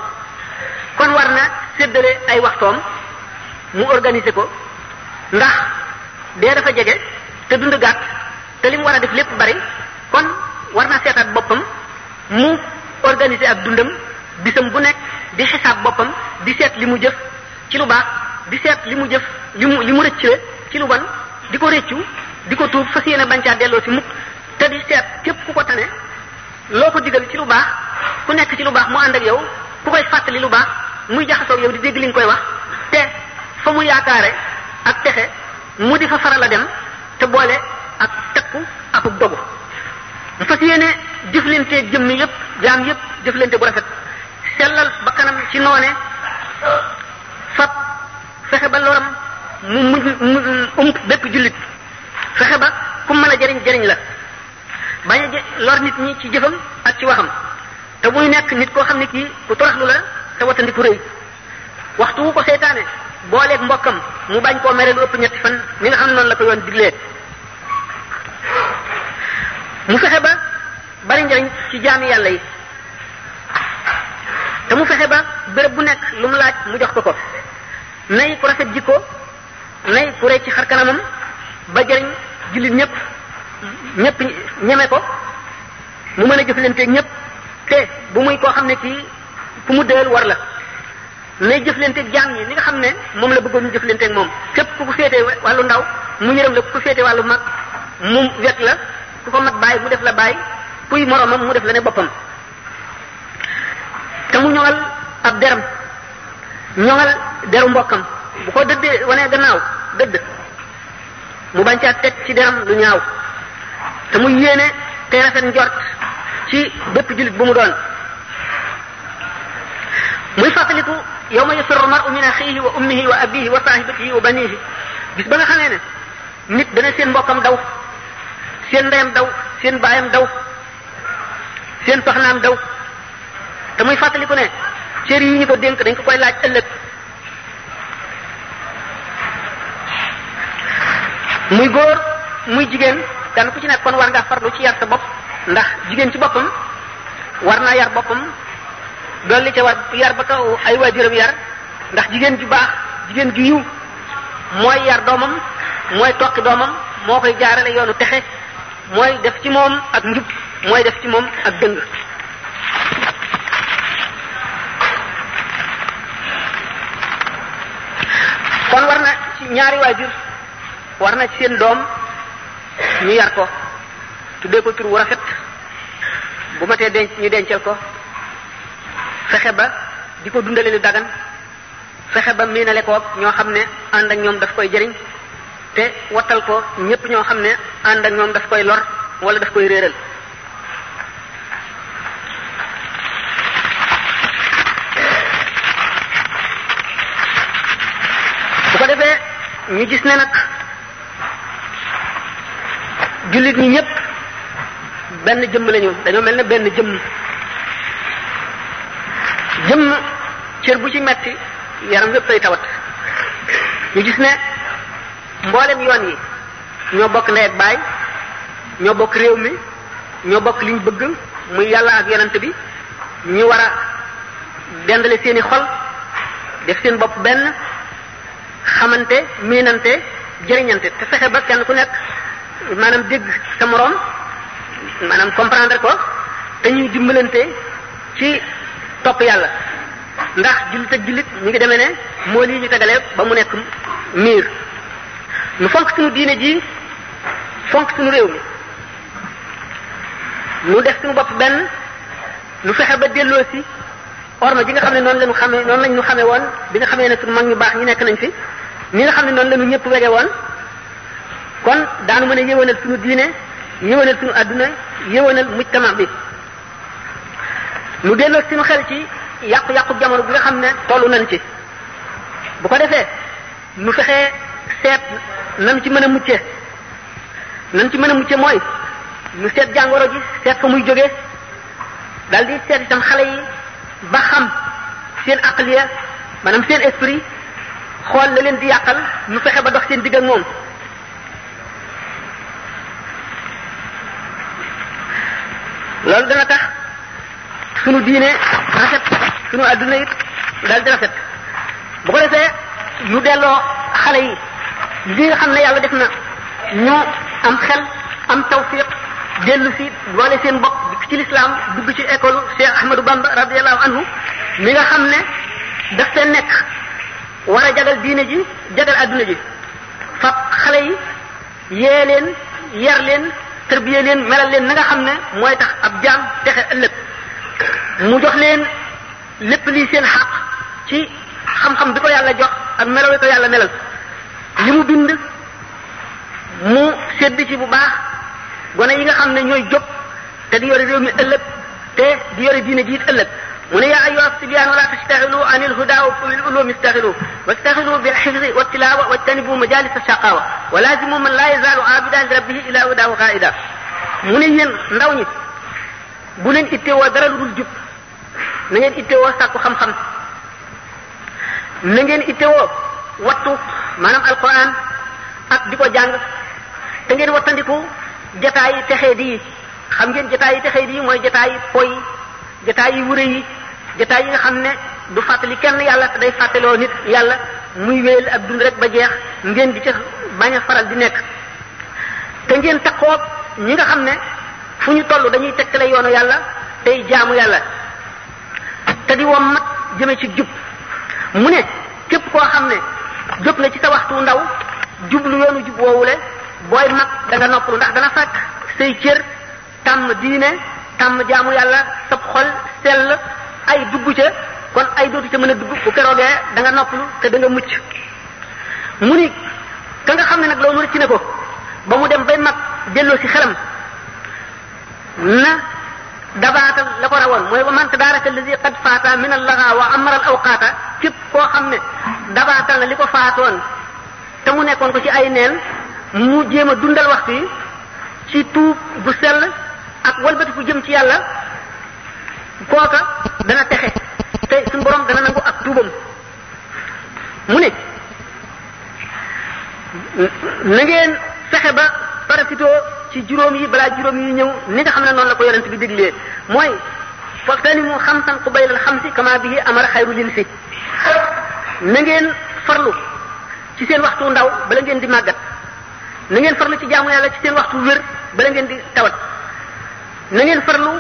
Speaker 1: kon war na séddale ay waxtoom mu organiser ko ndax dee dafa jege te dund gàtt te li mu war a def lépp bari kon war naa seetaat boppam mu organiser ak dundam bisam bu nekk di xisaab boppam di seet li mu jëf ci lu baax di seet li mu jëf li mu li mu rëccule ci lu bon di ko rëccu di ko tuub fas yéene bancaa delloo si mukk te di seet képp ku ko tane loo ko digal ci lu baax ku nekk ci lu baax mu ànd ak yow ku koy fàttali lu baax muy jaxasoo yow di dégg li nga koy wax te fa mu yaakaare ak texe mu di fa faral a dem te boole ak takku akub dogu mu fas yéene jëflanteeg jëmm yëpp jaam yëpp jëflante bu rafet sellal ba kanam ci noone fab fexe ba loram mu mu ump bépp jullit fexe ba ku mën a jariñ jariñ la bañ a lor nit ñi ci jëfam ak ci waxam te muy nekk nit koo xam ne kii ku toroxlu la te wattandiku rëy waxtu wu ko seytaane booleeg mbokkam mu bañ koo mere lu ëpp ñetti fan mi nga xam noonu la ko yoon diglee mu fexe ba bari njariñ ci jaami yàlla yi te mu fexe ba béréb bu nekk lu mu laaj mu jox ko ko nay ku rafet jikko nay ku rey ci xar kanamam ba jariñ jullit ñépp ñépp ñeme ko mu mën a jëflante ñépp te bu muy koo xam ne kii ku mu dël war la mais jëflanteeg jaam ñi ni nga xam ne moom la bëggoon ñu jëflanteeg moom képp ku ko féetee wàllu ndaw mu yërëm la ku ko féetee wàllu mag mu wet la ku ko mag bàyyi mu def la bàyyi kuy moromam mu def la ne boppam te mu ñoŋal ab deram ñoŋal deru mbokkam bu ko dëddee wanee gannaaw dëdd mu bañ teg ci deram lu ñaaw te mu yéene te rafet njort ci bépp jullit bu mu doon muy fàttaliku yawma yafirru al-mar'u min akhihi wa ummihi wa abihi wa sahibatihi wa banihi bis ba nga xamee ne nit dana seen mbokkam daw seen ndeyam daw seen baayam daw seen soxnaam daw te muy fàttaliku ne cër yi ñu ko dénk dañ ko koy laaj ëllëg muy góor muy jigéen kenn ku ci nekk kon war ngaa farlu ci yar sa bopp ndax jigéen ci boppam war naa yar boppam dolli ca waat yar ba kaw ay waajuram yar ndax jigéen ju baax jigéen ju yiw mooy yar doomam mooy toqi doomam moo koy jaarale yoonu texe mooy def ci moom ak njub mooy def ci moom ak dëng kon war na ci ñaari waajur war na ci seen doom ñu yar ko tuddee ko tur wu rafet bu matee denc ñu dencal ko fexe ba di ko dundale lu dagan fexe ba miinale kook ñoo xam ne ànd ak ñoom daf koy jariñ te wattal ko ñépp ñoo xam ne ànd ak ñoom daf koy lor wala daf koy réeral bu ko defee ñu gis ne nag jullit ñi ñépp benn jëmm lañu dañoo mel ne benn jëmm cër bu ci metti yaram yëpp tay tawat ñu gis ne mboolem yoon yi ñoo bokk ndey ak baay ñoo bokk réew mi ñoo bokk liñ bëgg muy yàlla ak yonent bi ñu war a dendale seeni xol def seen bopp benn xamante miinante jëriñante te fexe ba kenn ku nekk maanaam dégg sa moroom maanaam comprendre ko te ñuy dimbalante ci topp yàlla ndax jullit ak jullit ñu ngi demee ne moo lii ñu tegale ba mu nekk miir nu fonk suñu diine ji fonk suñu réew mi nu def suñu bopp benn nu fexe ba delloo si orma ji nga xam ne noonu lañu xamee noonu lañ ñu xamee woon bi nga xamee ne suñu mag ñu baax ñu nekk nañ fi ñi nga xam ne noonu lañu ñëpp wege woon kon daanu mën a yéwénal suñu diine yéwénal suñu àdduna yéwénal mujtama bi nu delloo suñu xel ci yàqu-yàqu jamono bi nga xam ne tollu nañ ci bu ko defee nu fexee seet nañ ci mën a mucce nañ ci mën a mucce mooy nu seet jàngoro ji seet fa muy jóge dal di seet itam xale yi ba xam seen aqliya maanaam seen esprit xool la leen di yàqal nu fexe ba dox seen digg ak moom loolu dana tax sunu diine rafet sunu adduna it daal di rafet bu ko defee ñu delloo xale yi li nga xam ne yàlla def na ñu am xel am tawfiq dellu si doole seen bopp ci lislaam dugg ci école Cheikh Ahmadou Bamba radiallahu anhu mi nga xam ne daf fee nekk war a jagal diine ji jagal adduna ji fab xale yi yee leen yar leen tërbiyee leen melal leen na nga xam ne mooy tax ab jaam texe ëllëg mu jox leen lépp lii seen xaq ci xam-xam bi ko yàlla jox ak melaw yi ko yàlla melal li mu bind mu sedd ci bu baax gone yi nga xam ne ñooy jóg te di yore mi ëllëg te di yore diine jiit ëllëg mu ne yaa ayyuha sibyaan wala tastaxilu an ilhuda wa bil ulumi istaxilu wastaxilu bil xifzi wa tilawa wajtanibu majalis ashaqawa wa lazimu man la yazaalu abida li ila huda wa mu ne yéen ndaw ñi bu leen itteewoo dara lu dul jub na ngeen itteewoo sàkku xam-xam na ngeen itteewoo wattu maanaam alquran ak di ko jàng te ngeen wattandiku jotaay yi texee di xam ngeen jotaay yi texee di mooy jataay yi poy jotaay yi wure yi jotaay yi nga xam ne du fàttali kenn yàlla te day fàttaloo nit yàlla muy wéyal ak dund rek ba jeex ngeen di ca bañ a faral di nekk te ngeen takkoo ñi nga xam ne. fu ñu toll dañuy tegtale yoonu yàlla tey jaamu yàlla te di wom mat jëme ci jub mu ne képp koo xam ne jóg na ci sa waxtu ndaw jub jublu yoonu jub woowule booy mag da nga noppalu ndax dana fekk say cër tàmm diine tàmm jaamu yàlla sab xol sell ay dugg ca kon ay dootu ca mën a dugg bu keroogee da nga noppalu te danga nga mucc mu ni ka nga xam ne nag loolu rëcc na ko ba mu dem bay mag delloo ci xelam na dabaatal la ko rawoon mooy wa man tabaraka allazi qad faata min allaha wa a al awqaata képp koo xam ne dabaatal na li ko faatoon te mu nekkoon ko ci ay neen mu jéem a dundal waxtu yi ci tuub bu sell ak walbati ku jëm ci yàlla kooka dana texe te suñu borom dana nangu ak tuubam mu ne na ngeen fexe ba parasitoo ci juróom yi balaa juróom yi ñëw ni nga xam ne noonu la ko yonent bi diglee mooy fastanimu xamsan qubaylal xamsi kama bihi amara xayru linsi na ngeen farlu ci seen waxtu ndaw bala ngeen di màggat na ngeen farlu ci jaamu yàlla ci seen waxtu wér bala ngeen di tawat na ngeen farlu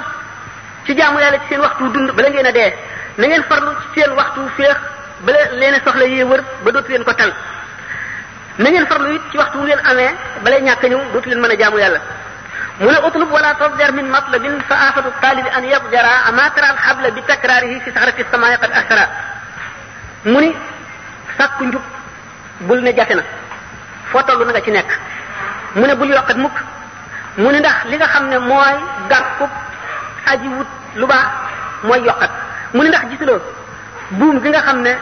Speaker 1: ci jaamu yàlla ci seen waxtu dund bala ngeen a dee na ngeen farlu ci seen waxtu féex bala leen a soxla yee wër ba dootu leen ko tal na ngeen farlu ci waxtu wu ngeen amee balay ñàkk ñëw dootu leen mën a jaamu yàlla mu ne utlub wala tadjar min matlabin fa aafatu taalibi an yadjara amataral xabla bi takraarihi fi saxrati samaai qad asra mu ni sàkku njub bul ne jafe na foo toll na nga ci nekk mu ne bul yokkat mukk mu ne ndax li nga xam ne mooy gàkkub aji wut lu baax mooy yokkat mu ne ndax gisuloo buum gi nga xam ne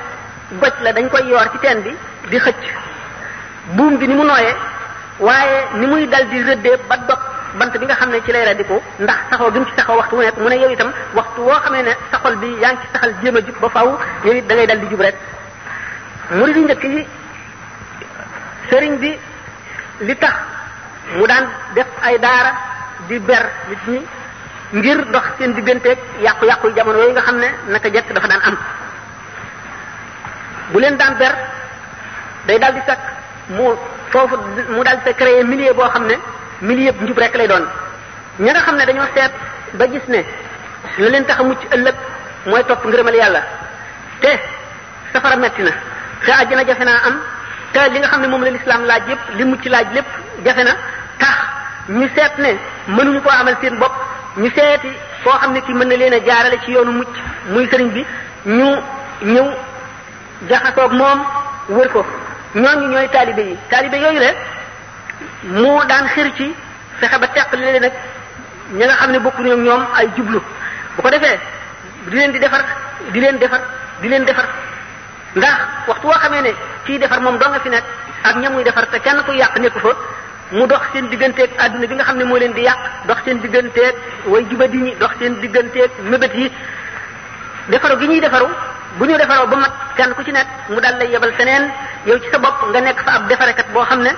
Speaker 1: goj la dañ koy yoor ci teen bi di xëcc buum bi ni mu nooyee waaye ni muy dal di rëddee ba dog bant bi nga xam ne ci lay radiku ndax saxoo gi mu ci saxoo waxtu mu nekk mu ne yow itam waxtu woo xamee ne saxol bi yaa ngi ci saxal jéem a jub ba faw yow it dal di jub rek murid njëkk yi sëriñ bi li tax mu daan def ay daara di ber nit ñi ngir dox seen digganteeg yàqu-yàqu jamono yooyu nga xam ne naka jekk dafa daan am bu leen daan ber day dal di sakk mu foofu mu dal te créer millier boo xam ne milieu bu njub rek lay doon ña nga xam ne dañoo seet ba gis ne la leen tax a mucc ëllëg mooy topp ngërëmal yàlla te safara metti na te àjjana jafe naa am te li nga xam ne moom la lislaam laaj yépp li mucc laaj lépp jafe na tax ñu seet ne mënuñu koo amal seen bopp ñu seeti koo xam ne ki mën na leen a jaarale ci yoonu mucc muy sëriñ bi ñu ñëw jaxasoog moom wër ko ñoo ñooñu ñooy taalibe yi taalibe yooyu le moo daan xër ci fexe ba teq leen nag ñi nga xam ne bokkuñu ak ñoom ay jublu bu ko defee di leen di defar di leen defar di leen defar ndax waxtu woo xamee ne kii defar moom doo nga fi nekk ak ñamuy defar te kenn ku yàq nekku fa mu dox seen digganteek àdduna bi nga xam ne moo leen di yàq dox seen digganteeg way jubadi ñi dox seen digganteeg mébét yi defaru gi ñuy defaru bu ñu defaroo ba mat kenn ku ci nekk mu dal lay yebal feneen yow ci sa bopp nga nekk fa ab defarekat boo xam ne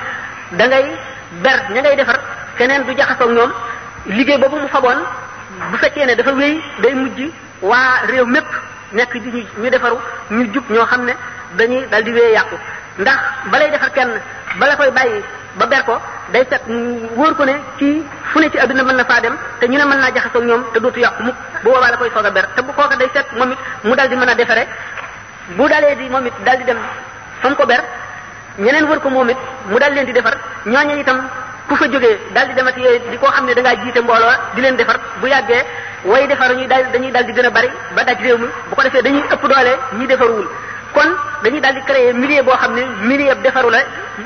Speaker 1: da ngay ber ña ngay defar keneen du jaxasoog ñoom liggéey boobu mu faboon bu fekkee ne dafa wéy day mujj waa réew mépp nekk di ñu defaru ñu jub ñoo xam ne dañuy dal di wéy yàqu ndax balay defar kenn bala koy bàyyi ba ber ko day set wóor ko ne kii fu ne ci adduna mën na faa dem te ñu ne mën naa jaxasoo ñoom te dootu yàqu mukk bu boobaa la koy soog a ber te bu kooka day set moom it mu dal di mën a defaree bu dalee di moom it dal di dem fa mu ber ñeneen wër ko moom it mu dal leen di defar ñooñu itam ku fa jógee dal di demati di koo xam ne da ngaa jiite mbooloo di leen defar bu yàggee way defar ñuy dal dañuy dal di gën a bari ba daj réew mi bu ko defee dañuy ëpp doole ñi defaruwul kon dañuy daal di créer millier boo xam ne millier milieu defaru la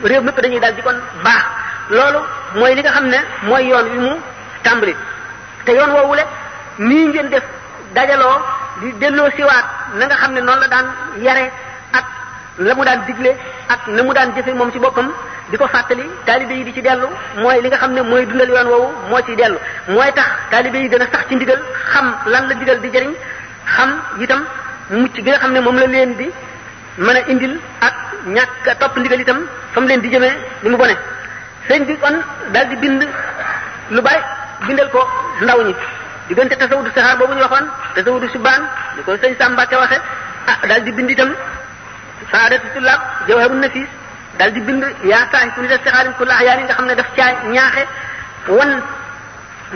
Speaker 1: réew mépp dañuy daal di kon baax loolu mooy li nga xam ne mooy yoon yu mu tàmbali te yoon woowule nii ngeen def dajaloo di delloo siwaat na nga xam ne noonu la daan yare ak la mu daan digle ak na mu daan jëfe moom ci boppam di ko fàttali taalibe yi di ci dellu mooy li nga xam ne mooy dundal yoon woowu moo ci dellu mooy tax taalibe yi a sax ci ndigal xam lan la digal di jëriñ xam itam mucc gi nga xam ne moom la leen mën a indil ak ñàkk a topp ndigal itam fa mu leen di jëmee ni mu bone sëñ bi kon daal di bind lu bari bindal ko ndaw ñi diggante tasawudu saxaar boobu ñu waxoon tasawudu subaan ni ko sëñ Sam Mbàkke waxe a ah, daal di bind itam saadatu tullaab jawharu nafis daal di bind yaa saahi ku ni da saxaarin ku laax yaa ni nga xam ne def caa ñaaxe wan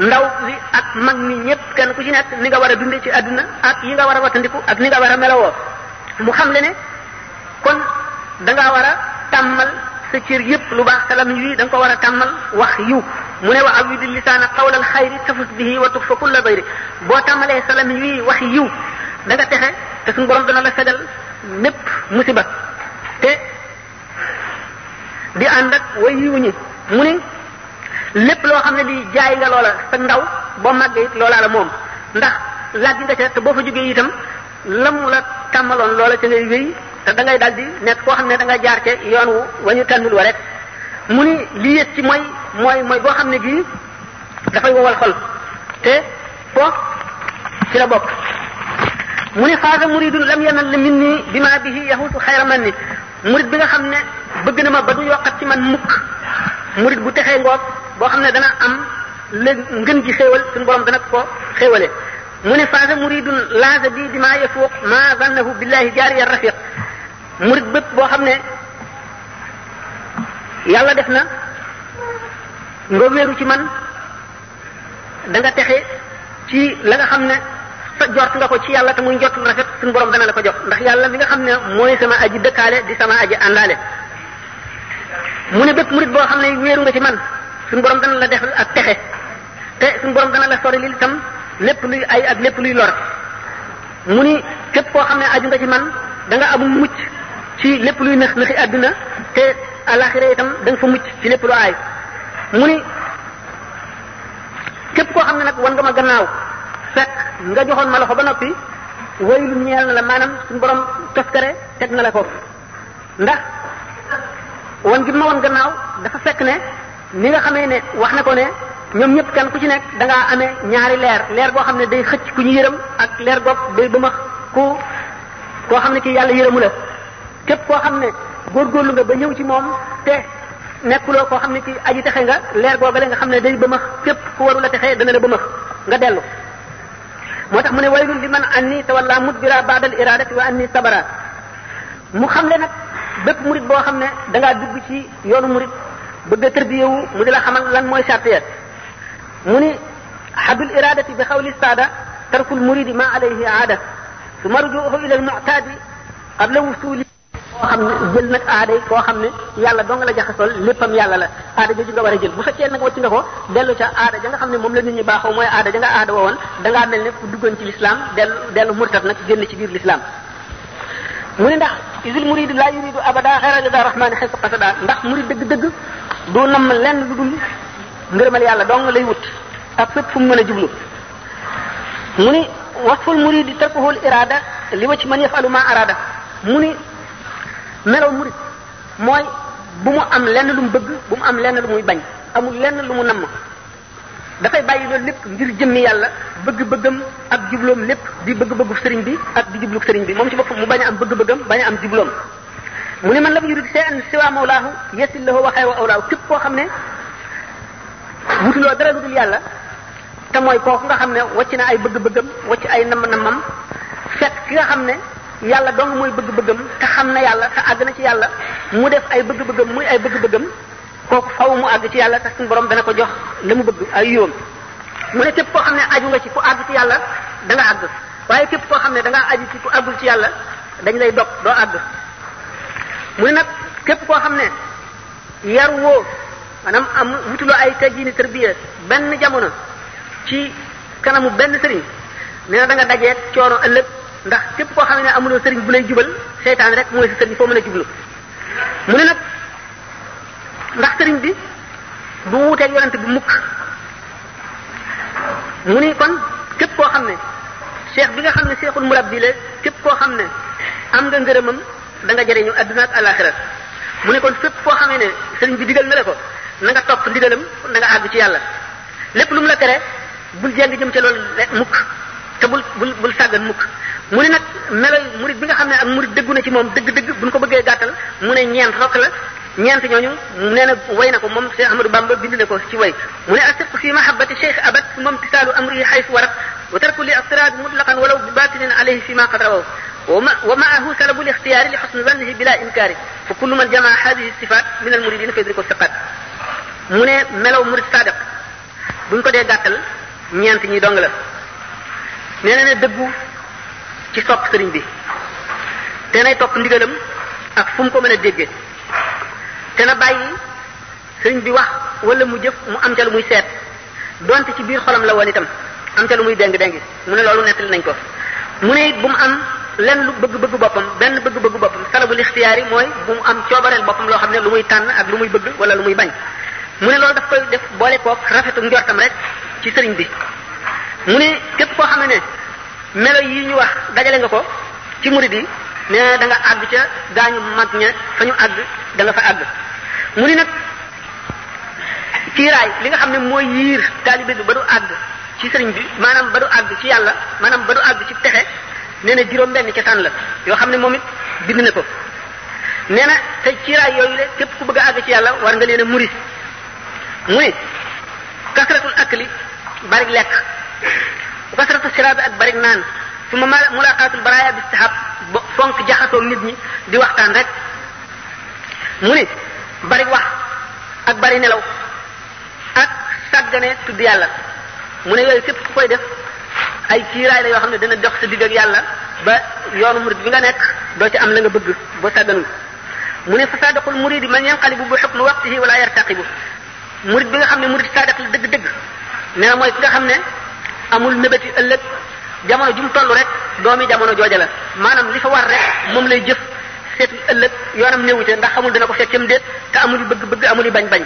Speaker 1: ndaw li ak mag mi ñëpp kenn ku ci nekk ni nga war a dundee ci àdduna ak yi nga war a wattandiku ak ni nga war a melowoo mu xam le da war a tàmmal sa cër yëpp lu baax salam yi da nga ko war a tàmmal wax yiw mu ne wax wa awid lisaana qawlal xayri tafus bihi wa tukfa a bayri boo tàmmalee salam yi wax yiw da nga texe te suñ borom dana la fegal népp musiba te di ànd ak way yiw ñi mu ni lépp loo xam ne di jaay nga loola sa ndaw boo màggee it loolaa la moom ndax laaj nga ca te boo fa jógee itam la mu la tàmmaloon loola ca ngay wéy te dangay daal daldi nekk koo xam ne dangay nga jaar ca yoon wu wa ñu wa rek mu ni li yées ci mooy mooy mooy boo xam ne gii dafay wowal xol te fo ci la bokk mu ni xaasa muridun lam yanal la min nii bi ma bihi yahutu xayra man ni murid bi nga xam ne bëgg na ma ba du yokkat ci man mukk murid bu texee ngoog boo xam ne dana am ngën ji xéewal suñu dana ko xéewale mu ni xaasa muridun laasa bi bi ma yafuuq ma zannahu billahi jaariya rafiq murit bépp boo xam ne yàlla def na nga wéeru ci man danga texe ci la nga xam ne sa jort nga ko ci yàlla te muy njort rafet suñu borom dana la ko jox ndax yàlla mi nga xam ne mooy sama aji dëkkaale di sama aji àndaale mu ne bépp murit boo xam ne wéeru nga ci man suñu borom dana la def ak texe te suñu borom dana la sori li itam lépp luy ay ak lépp luy lor mu ni képp koo xam ne aju nga ci man da amul mucc ci lépp luy nax naxi àdduna te alaxira itam da nga fa mucc ci lépp lu aay mu ni képp koo xam ne nag wan nga ma gannaaw fekk nga joxoon ma loxo ba noppi wayu lu ñeel na la maanaam suñ borom toskare teg na la ko ndax wan gi ma wan gannaaw dafa fekk ne ni nga xamee ne wax na ko ne ñoom ñëpp kenn ku ci nekk danga ame ñaari leer leer goo xam ne day xëcc ku ñu yërëm ak leer goog day bëmax ku koo xam ne kii yàlla yërëmu la képp koo xam ne góorgóorlu nga ba ñëw ci moom te nekkuloo koo xam ne ci aji texe nga leer googale nga xam ne day bëmëx képp ku warul a texe dana la bëmëx nga dellu moo tax mu ne waylun li man anni tawalla mudbira ba'da al-iradati wa anni sabara mu xam le nag bépp murit boo xam ne da ngaa dugg ci yoonu murit bëgg a tërbiyewu mu di la xamal lan mooy charte mu ni xadul iradati bi xawli saada tarkul muridi ma alayhi aada su marjuuhu ila al-mu'taadi qabla wusuli koo xam ne jël nag aada yi koo xam ne yàlla dong la jaxasool léppam yàlla la aada jooju nga war a jël bu fekkee nag wacc nga ko dellu ca aada ja nga xam ne moom la nit ñi baaxoo mooy aada ja nga aada wowoon da ngaa mel ne ku duggoon ci lislaam dellu dellu murtat nag génn ci biir lislaam mu ne ndax isil murid la yuridu abada xayra rida rahmani xaysu qasada ndax murid dëgg-dëgg du nam lenn lu dul ngërëmal yàlla dong lay wut ak fépp fu mu mën a jublu mu ni wasful muridi tarkuhul irada li wa ci man yafalu ma arada melaw murit mooy bu mu am lenn lu mu bëgg bu mu am lenn lu muy bañ amul lenn lu mu nam dafay bàyyi loolu lépp ngir jëmmi yàlla bëgg-bëggam ak jubloom lépp di bëgg-bëggu sëriñ bi ak di jublu sëriñ bi moom ci boppam mu bañ a am bëgg-bëggam bañ a am jubloom mu ne man lam yurid shay'an siwa mawlaahu yasil lahu wa xaywa awlaahu képp koo xam ne wutuloo dara lu yàlla te mooy kooku nga xam ne wàcc na ay bëgg-bëggam wàcc ay namm-nammam fekk ki nga ne yàlla dong mooy bëgg-bëggam te xam na yàlla te àgg na ci yàlla mu def ay bëgg-bëggam muy ay bëgg-bëggam kooku faw mu àgg ci yàlla te suñu boroom dana ko jox la mu bëgg ay yoon mu ne képp koo xam ne aju nga ci ku àgg ci yàlla da àgg waaye képp koo xam ne danga aju ci ku àggul ci yàlla dañ lay dog doo àgg mu ne nag képp koo xam ne yar woo maanaam am wutuloo ay teggini tarbiya benn jamono ci kanamu benn sëriñ nee na da nga coono ëllëg ndax képp koo xam ne amuloo sëriñ bu lay jubal seytaan rek mooy sa sëriñ foo mën a jublu mu ne nag ndax sëriñ bi du wuuteeg yonent bu mukk mu ni kon képp koo xam ne cheikh bi nga xam ne cheikhul murabbi la képp koo xam ne am nga ngërëmam da nga jëriñu adduna ak alaxira mu ne kon fépp koo xam ne sëriñ bi digal na la ko na nga topp ndigalam na nga àgg ci yàlla lépp lu mu la tere bul jeng jëm ci loolu mukk te bul bul bul sàggan mukk mu ne nag melo murid bi nga xam ne am murid dëggu na ci moom dëgg-dëgg bu ñu ko bëggee gàttal mu ne ñeent rokk la ñeent ñooñu nee na way na ko moom Cheikh Ahmadou Bamba bind na ko ci way mu ne asibq fi mahabbati Cheikh abat moom tisaalu amri xaysu warat wa tarku li ixtiraad mutlaqan walaw bi batinin alayhi fi ma qad rawaw wa maahu salabu l ixtiyaari li xusni zannihi bila inkaari fa kullu man jamaa hadihi sifaat mu ne melaw murid sadiq bu ñu ko dee gàttal ñeent ñi dong la nee na ne dëggu ci sopp sëriñ bi te nay topp ndigalam ak fu mu ko mën a dégge te na bàyyi sëriñ bi wax wala mu jëf mu am ca lu muy seet donte ci biir xolam la woon itam am ca lu muy déng-déng mu ne loolu nettali nañ ko mu ne it bu mu am lenn bëgg-bëgg boppam benn bëgg-bëgg boppam salabul ixtiyaar yi mooy bu mu am coobareel boppam loo xam ne lu muy tànn ak lu muy bëgg wala lu muy bañ mu ne loolu daf koy def boole kook rafetu njortam rek ci sëriñ bi mu ne képp koo xam ne melo yi ñu wax dajale nga ko ci murid yi nee na àgg ca gaañu mag ña fa ñu àgg da fa àgg mu ni nag kiiraay li nga xam ne mooy yiir taalibe bi ba du àgg ci sëriñ bi maanaam ba du àgg ci yàlla maanaam ba du àgg ci texe nee na juróom benn ca tànn la yoo xam ne moom it bind na ko nee na te kiiraay yooyu le képp ku bëgg a àgg ci yàlla war nga leen a muri mu ne kasratul akli bari lekk bu kasratu siraabi ak bari naan su ma mulaqaatul baraaya bi istihab fonk jaxasoo nit ñi di waxtaan rek mu ni bari wax ak bari nelaw ak sàggane tudd yàlla mu ne yooyu képp ku koy def ay kiiraay la yoo xam ne dana dox sa digg ak yàlla ba yoonu murid bi nga nekk doo ci am la nga bëgg boo sàgganul mu ne fa saadiqul muridi man yanqalibu bi hukmi waqtihi wala yartaqibu murid bi nga xam ne murid saadiq la dëgg-dëgg nee na mooy ki nga xam ne amul mébéti ëllëg jamono ju mu toll rek doomi jamono jooja la maanaam li fa war rek moom lay jëf seetul ëllëg yoonam néewu ca ndax xamul dina ko fekk cam déet te amul bëgg-bëgg amul bañ-bañ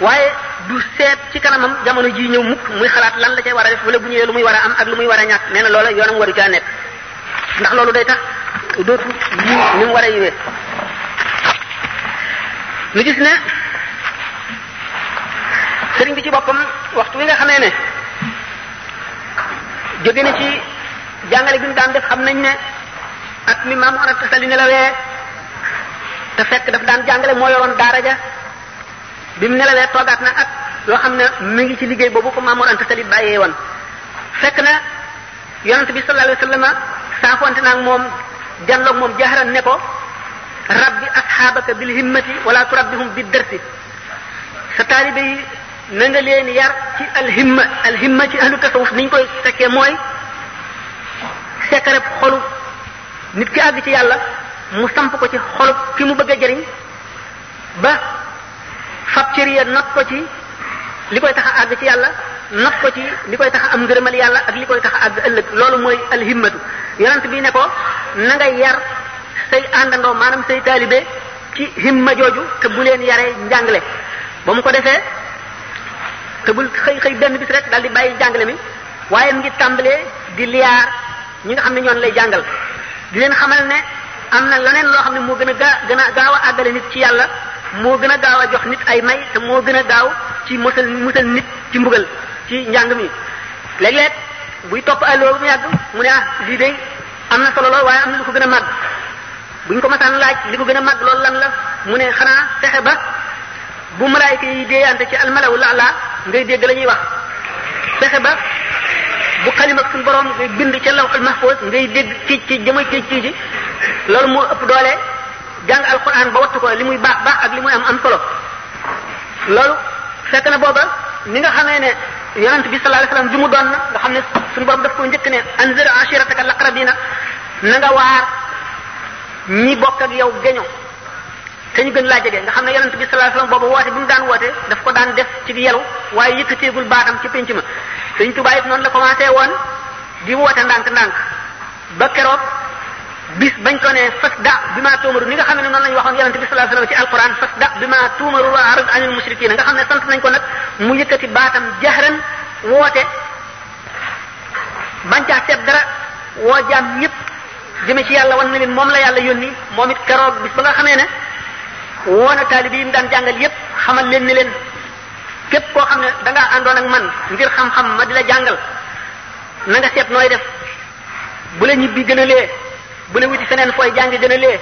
Speaker 1: waaye du seet ci kanamam jamono ji ñëw mukk muy xalaat lan la cay war a def wala bu ñëwee lu muy war a am ak lu muy war a ñàkk nee na loola yoonam waru caa nekk ndax loolu day tax dootu yi mu war a yiwee ñu gis ne sëriñ bi ci boppam waxtu wi nga xamee ne jóge na ci jàngale bi mu daan def xam nañ ne ak mi maam Mor Anta Sali nelawee te fekk daf daan jàngale moo yoroon daara ja bi mu nelawee toogaat na ak yoo xam ne mu ngi ci liggéey boobu ko maam Mor Anta Sali bàyyee woon fekk na yonent bi sallallahu alayhi wa sallam saafonte naag moom janloog moom jaxaran ne ko rabbi asxaabaka bil himmati wala turabbihum bi derti sa taalibe na nga leen yar ci al alhimma alhimma ci ahlu tasawuf niñ koy fekkee mooy sekkareb xolu nit ki àgg ci yàlla mu samp ko ci xolu fi mu bëgg a ba fab cëriya not ko ci li koy tax a àgg ci yàlla not ko ci li koy tax a am ngërëmal yàlla ak li koy tax a àgg ëllëg loolu mooy alhimmatu yonent bi ne ko na nga yar say àndandoo maanaam say taalibe ci himma jooju te bu leen yaree njàngale ba mu ko defee te bul xëy xëy benn bis rek dal di bàyyi jàngale mi waaye mu ngi tàmbalee di liyaar ñi nga xam ne ñoon lay jàngal di leen xamal ne am na leneen loo xam ne moo gën a gaa gën a gaaw a àggale nit ci yàlla moo gën a gaaw a jox nit ay may te moo gën a gaaw ci musal musal nit ci mbugal ci njàng mi léeg-léeg buy topp allo bu yàgg mu ne ah lii de am na solo lool waaye am na lu ko gën a màgg buñ ko masaan laaj li ko gën a màgg lool lan la mu ne xanaa fexe ba bu malaayka yi déeyante ci almalawu laala ngay dégg la ñuy wax fexe ba bu xalima suñu borom ngay bind ca lawxul mahfuz ngay dégg ci ci jëmay ci ci ji loolu moo ëpp doole jàng alquran ba wattu ko li muy baax baax ak li muy am am solo loolu fekk na booba ni nga xamee ne yonent bi sallallahu alayhi wasallam bi mu doon na nga xam ne suñu borom daf ko njëkk ne anzir te al aqrabina na nga waar ñi bokk ak yow geño kañu gën laa jege nga xam ne yonent bi sallallahu alayhi wasallam boobu woote bi mu daan daan def ci di yelu waaye yëkkateegul baatam ci penc ma Sëriñ Tuubaa it noonu la commencé woon di woote ndànk ndànk ba keroog bis bañ ko ne fas da bi maa tuumaru ni nga xam ne noonu lañu waxoon yonent bi sallallahu alayhi wasallam ci alquran fas da bi maa tuumaru wa arid anil mushrikiina nga xam ne sant nañ ko nag mu yëkkati baatam jahran woote bañ caa seet dara woo jaam ñëpp jëme ci yàlla wan na leen moom la yàlla yónni moom it keroog bis ba nga xamee ne woon a taalibe yi mu daan jàngal yépp xamal leen ni leen képp koo xam ne da ngaa àndoon ak man ngir xam-xam ma di la jàngal na nga seet nooy def bu la ñibbi gën a lee bu la wuti feneen fooy jàng gën a lee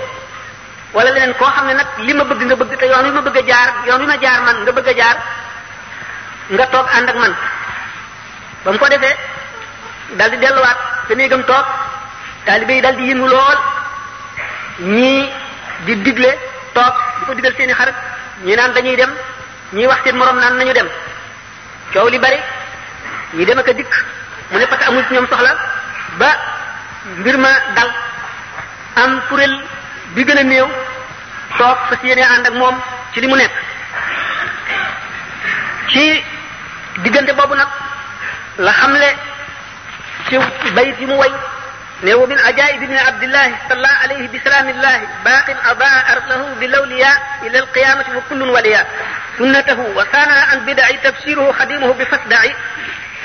Speaker 1: wala leneen koo xam ne nag li ma bëgg nga bëgg te yoon wi ma bëgg a jaar yoon wi ma jaar man nga bëgg a jaar nga toog ànd ak man ba mu ko defee dal di delluwaat te néegam toog taalibe yi dal di yëngu lool ñii di digle toog ko digal seeni xarit ñi naan dañuy dem ñi wax seen morom naan nañu dem coow li bare ñi dem ak dikk mu ne parce que amul ci ñoom soxla ba mbir ma dal am kuréel bi gën a néew toog fas yéene ànd ak moom ci li mu nekk ci diggante boobu nag la xamle ci bayit yi mu way ne wa min ajaib ibni abdillahi salla alayhi bi salaamillahi baaqin adaa ardahu bi lawliya ila alqiyamati wa kullun waliya sunnatahu wa sana an bidai tafsiruhu xadimuhu bi fasdai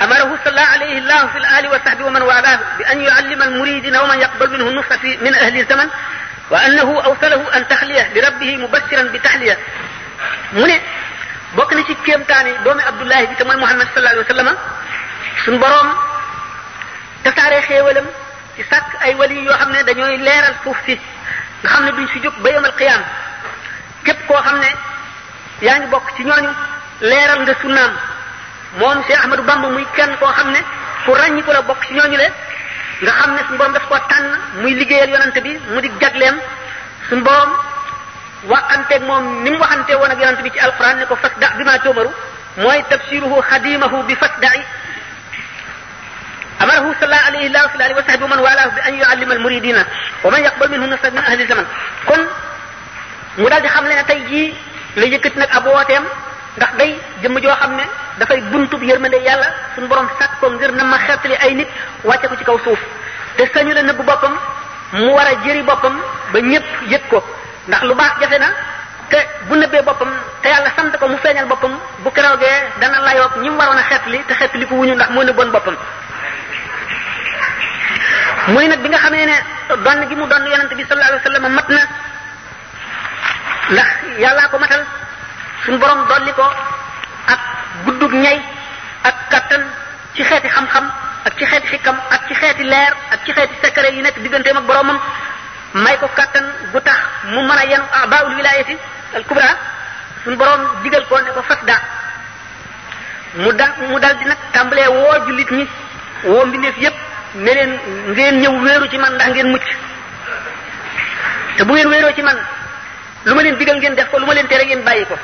Speaker 1: amarahu salla alayhi llahu fi lali wa sahbi wa man walaahu bi an yuallima almuridina wa man yaqbal minhu nusrati min ahli zaman wa annahu awsalahu an taxliya li rabbihi mubashiran bi taxliya mu ne bokk na ci kéemtaani doomi abdullahi bi te mooy muhammad sallallahu alayhi wa sallama suñ boroom tasaare xéewalam ci sàkk ay wali yoo xam ne dañooy leeral suuf si nga xam ne duñ fi jóg ba yomal xiyaam képp koo xam ne yaa ngi bokk ci ñooñu leeral nga sunnaam moom Cheikh Ahmadou Bamba muy kenn koo xam ne ku ràññi ko la bokk ci ñooñu le nga xam ne suñu borom daf ko tànn muy liggéeyal yonante bi mu di jagleem suñu borom waxanteeg moom ni mu waxante woon ak yonante bi ci al alquran ne ko fas da bi maa toomaru mooy tafsiruhu xadimahu bi fas da'i amarahu sallallahu alayhi wa sahbihi wa man walaahu bi an yuallima al muridina wa man yaqbal minhum nasab min ahli zaman kon mu daal xam le ne tey jii la yëkkati nag ab wooteem ndax day jëmm joo xam ne dafay buntub yërmande yàlla suñu borom sàkk ko ngir na ma xeetali ay nit wàcce ko ci kaw suuf te sañu la nëbb boppam mu war a jëri boppam ba ñëpp yëg ko ndax lu baax jafe na te bu nëbbee boppam te yàlla sant ko mu feeñal boppam bu keroogee dana layoog ñi mu waroon a xeetali te xeetali ko wuñu ndax moo nëbboon boppam mu ne nag bi nga xamee ne donn gi mu donn yonent bi sallallahu alayhi wa sallam mat na ndax yàllaa ko matal suñu borom dolli ko ak guddug ñay ak kàttan ci xeeti xam-xam ak ci xeeti xikkam ak ci xeeti leer ak ci xeeti secret yi nekk digganteem ak boromam may ko kàttan gu tax mu mën a yenu abaul wilayati al kubra suñu borom digal ne ko fas daa mu dal mu dal di nag tàmbalee woo jullit ñi woo mbindeef yépp ne leen ngeen ñëw weeru ci man ndax ngeen mucc te bu ngeen wéeroo ci man lu ma leen digal ngeen def ko lu ma leen tere ngeen bàyyi ko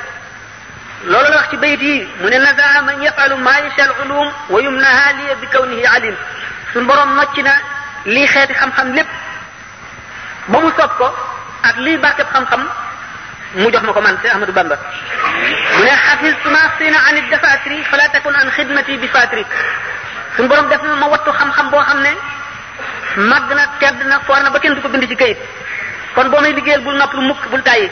Speaker 1: loolu la wax ci bayit yi mu ne na man yafalu ma yasha al ulum wa yumnaha li bi kawnihi alim suñ borom nocc na lii xeeti xam-xam lépp ba mu sopp ko ak lii barkeb xam-xam mu jox ma ko man Cheikh Ahmadou Bamba mu ne xafis ma sina an dafatri fala takun an xidmati bi fatri suñu borom def na ma wattu xam-xam boo xam ne màgg na tedd na foor na ba kenn du ci kayit kon boo may liggéeyal bul na lu mukk bul tàyyi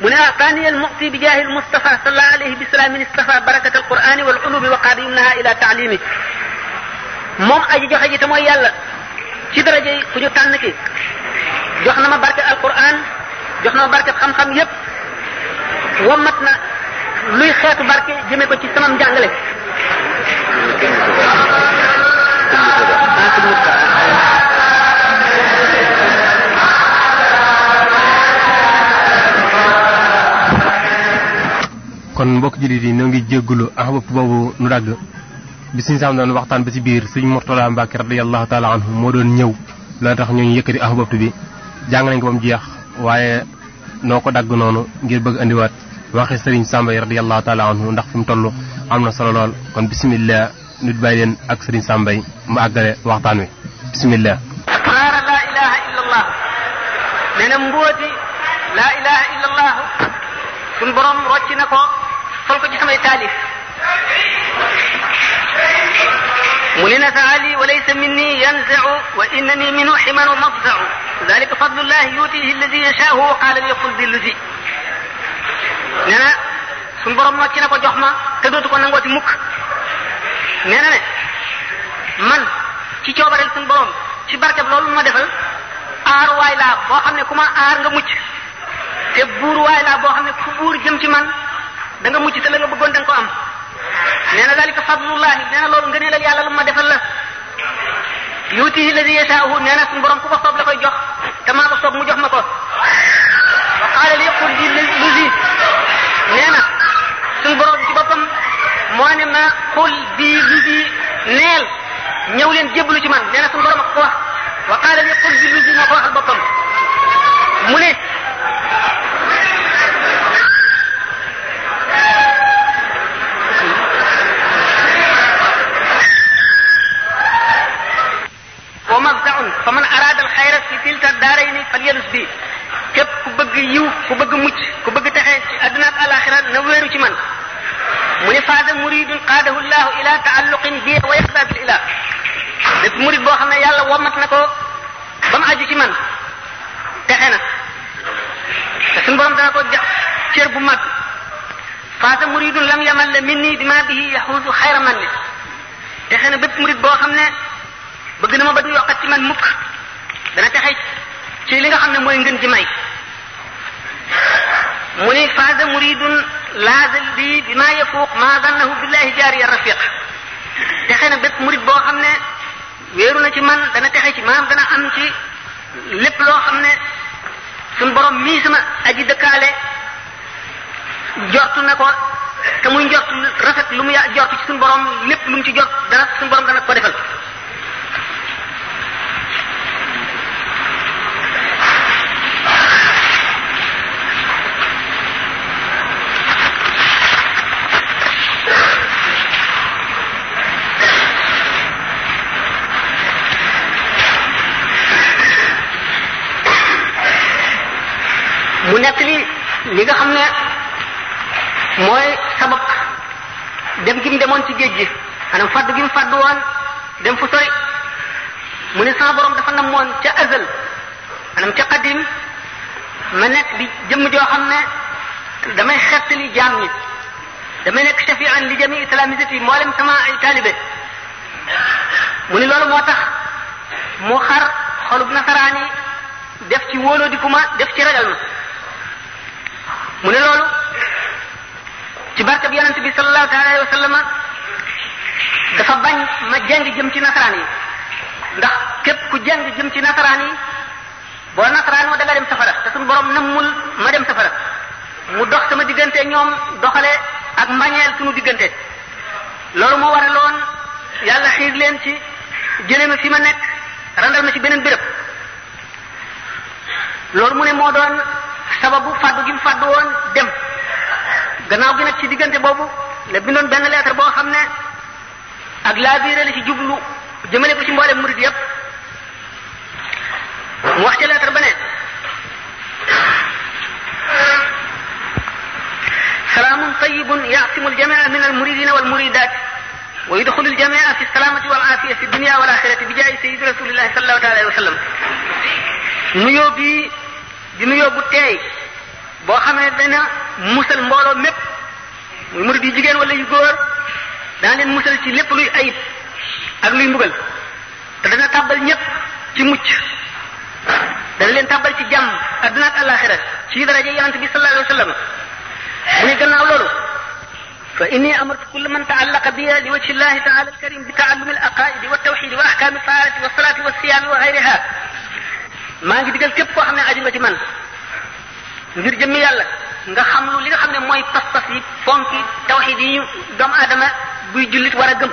Speaker 1: mu ne ataniyal ah, muxti bi jaahil mustafa sallallahu alayhi bi salaamin istafa barakat al qurani wal ulumi wa qaadi yumnaha ila taalimi moom aji joxe ji te mooy yàlla ci daraje ku ñu tànn ki jox na ma barke alquran jox na ma barke xam-xam yépp wammat na luy xeetu barke jëmee ko ci samam njàngale
Speaker 3: kon mbokk jullit yi ñoo ngi jéggulu ak bopp boobu nu dagg bi suñu saam waxtaan ba ci biir suñ Murtala Mbàkke radiyallahu taala anhu moo doon ñëw loola tax ñooñu yëkkati ak bi jàng nañ ko jeex waaye noo ko dagg noonu ngir bëgg indiwaat waxi sëriñ Samba yi radiyallahu taala anhu ndax fi mu toll am na solo lool kon bisimilah nit bàyyi leen ak Serigne Sambay mu àggale waxtaan wi bisimilah.
Speaker 2: asraar laa ilaha illa
Speaker 1: allah nee na mbooti laa ilaha illa allah suñ borom rocc na ko fol ko ci samay taalif mu ne nafaali walaysa minni yanzau wa innani minhu ximanu mafzau dalika fadlullahi yutihi alladi yashahu wa qaala yaqul dillu si nee na suñu borom nocc na ko jox ma te dootu ko nangooti muk nee na ne man ci coobareel suñu borom ci barkeb loolu ma defal aar waay laa boo xam ne ku ma aar nga mucc te buur waay laa boo xam ne ku buur jëm danga man mucc te la nga bëggoon da ko am nee na dalika fadlullahi nee na loolu ngëneelal yàlla lu ma defal la yuutihi ladi yasaahu nee na suñu ku ko soob la koy jox te maa ko soob mu jox ma ko wa qaala li yaqul di ladi suñ borom ci boppam moo ne ma xul bii ludi neel ñëw leen jébbalu ci man nee na suñ borom ak ko wax wa qaala li xul bi ludi moo ko waxal boppam mu ne wa mabdaun fa man araada alxayra fi tilka daarayni falyadus bi képp ku bëgg yiw ku bëgg mucc ku bëgg texe ci àdduna ak alaxira na wéeru ci man mu ne faada muridun qaadahu llahu ila taalluqin bi wa yaxda bil ilah lépp murid boo xam ne yàlla womat na ko ba mu aju ci man texe na te suñu borom dana ko jox cër bu mag faada muridun lam yamal la minni bima bihi yaxuusu xayra man ni texe na bépp murid boo xam ne bëgg na ma ba du yokkat ci man mukk dana texe ci li nga xam ne mooy ngën ji may mu ni faasa muridun laazal bi bi maa yafuuq maa bi billahi jaariya rafiq texe na bépp murid boo xam ne wéeru na ci man dana texe ci maanaam dana am ci lépp loo xam ne suñ borom mii sama aji dëkkaale jortu na ko te muy njort rafet lu mu ya jot ci suñ borom lépp lu mu ci jort dana suñ borom dana ko defal li nga xam ne mooy sabab dem gi mu demoon ci géej gi maanaam fàddu gi mu fàddu woon dem fu sori mu ne sama borom dafa namoon ca azal maanaam ca qadim ma nekk di jëmm joo xam ne damay xettali jaam ñi damay nekk shafian li jami talamisati mboolem sama ay taalibe mu ni loolu moo tax mu xar xolub nasaraani def ci wóoloo di kuma def ci ragal ma mu ne loolu ci barke bi yonent bi sallallahu alayhi wa sallam dafa bañ ma jeng jëm ci nasaraan yi ndax képp ku jeng jëm ci nasaraan yi boo nasaraan da nga dem safara te suñu borom nammul ma dem safara mu dox ma diggante ñoom doxale ak mbañeel suñu diggante loolu moo waraloon yàlla xiir leen ci jëlee ma fi ma nekk randal ma ci beneen béréb loolu mu ne moo doon sababu faddu gi mu faddu woon dem gannaaw gi nag ci diggante boobu la bindoon benn lettre boo xam ne ak la biire la ci jublu jëmale ko ci mboolem murid yépp mu wax ci lettre ba ne salaamun tayyibun yaasimu aljamia min almuridina walmuridat wa yudxulu aljamia fi salaamati walaafiya fi dunia wal axirati bi jaayi sayidi rasulillahi salallahu taala alayhi wa sallam di nuyoo bu teey boo xam ne dana musal mbooloo mépp muy murid yu jigéen wala yu góor dana leen musal ci lépp luy ayib ak luy mbugal te dana tàbbal ñépp ci mucc dana leen tàbbal ci jàmm adduna ak alaxira ci daraja yonent bi sallallahu alayhi wa sallam mu ne gannaaw loolu fa inni amartu kull man taallaqa biya li wajhi llahi taala alkarim bi taallumi alaqaidi wa tawxidi wa ahkami taarati wa salaati wa siyaami wa gayriha maa ngi digal képp koo xam ne aju nga ci man ngir jëmmi yàlla nga xam lu li nga xam ne mooy pas-pas yi fonki tawxid yi ñu doomu aadama buy jullit war a gëm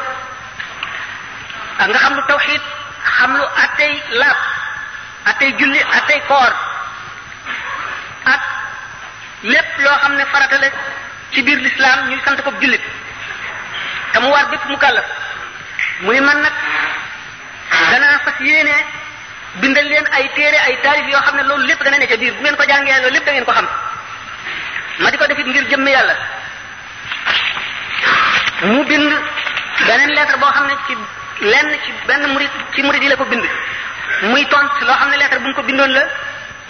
Speaker 1: ak nga xam lu tawxid xam lu attey laab attey julli attey koor ak lépp loo xam ne farata la ci biir lislaam ñuy sant ko jullit te mu war bépp mu kàllaf mu ni man nag danaa fas yéenee bindal leen ay téere ay taalif yoo xam ne loolu lépp dana ne ca biir bu ngeen ko jàngee loolu lépp da ko xam ma di ko defit ngir jëmm yàlla mu bind beneen lettre boo xam ne ci lenn ci benn murid ci murid yi la ko bind muy tont loo xam ne lettre bu mu ko bindoon la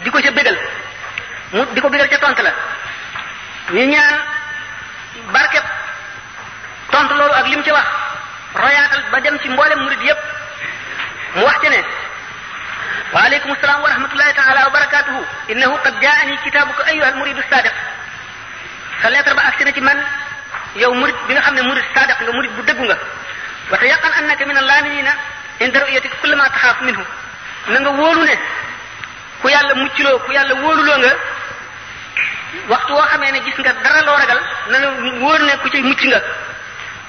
Speaker 1: di ko ca bégal mu di ko bégal ca tont la ñu ñaan barkeb tont loolu ak lim ci wax royaatal ba dem ci mboolem murid yépp mu wax ci ne waaleykum salaam wa rahmatullahi taala wa barakatuhu innahu qad jaani kitaabuka ayuha almuridu sadiq sa lettre ba agsi na ci man yow murid bi nga xam ne murid sadiq nga murid bu dëggu nga wa tayaqan annaka min allaaminina inda ru'yatika kulli ma taxaaf minhu na nga wóolu ne ku yàlla muccloo ku yàlla wóoluloo nga waxtu woo xamee ne gis nga dara loo ragal na nga wóor ne ku ci mucc nga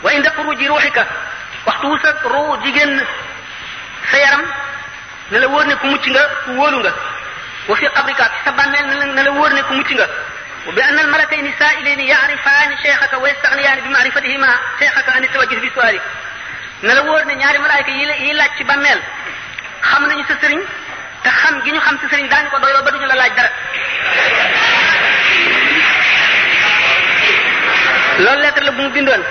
Speaker 1: wa inda xuruji ruuxika waxtu wu sa ruu jigéen sa yaram na la wóor ne ku mucc nga ku wóolu nga wa fi qabrika sa bàmmeel na la wóor ne ku mucc nga wa bi anna almalatayni saa'ilayni ya'rifaani cheikhaka wa yastaghniyaani bi ma'rifatihima cheikhaka an tawajjuh bi su'aali na la wóor ne ñaari malaayika yi la yi laaj ci bàmmeel xam nañu sa sëriñ te xam gi ñu xam sa sëriñ daañu ko doyloo ba duñu la laaj dara loolu lettre la bu mu bindoon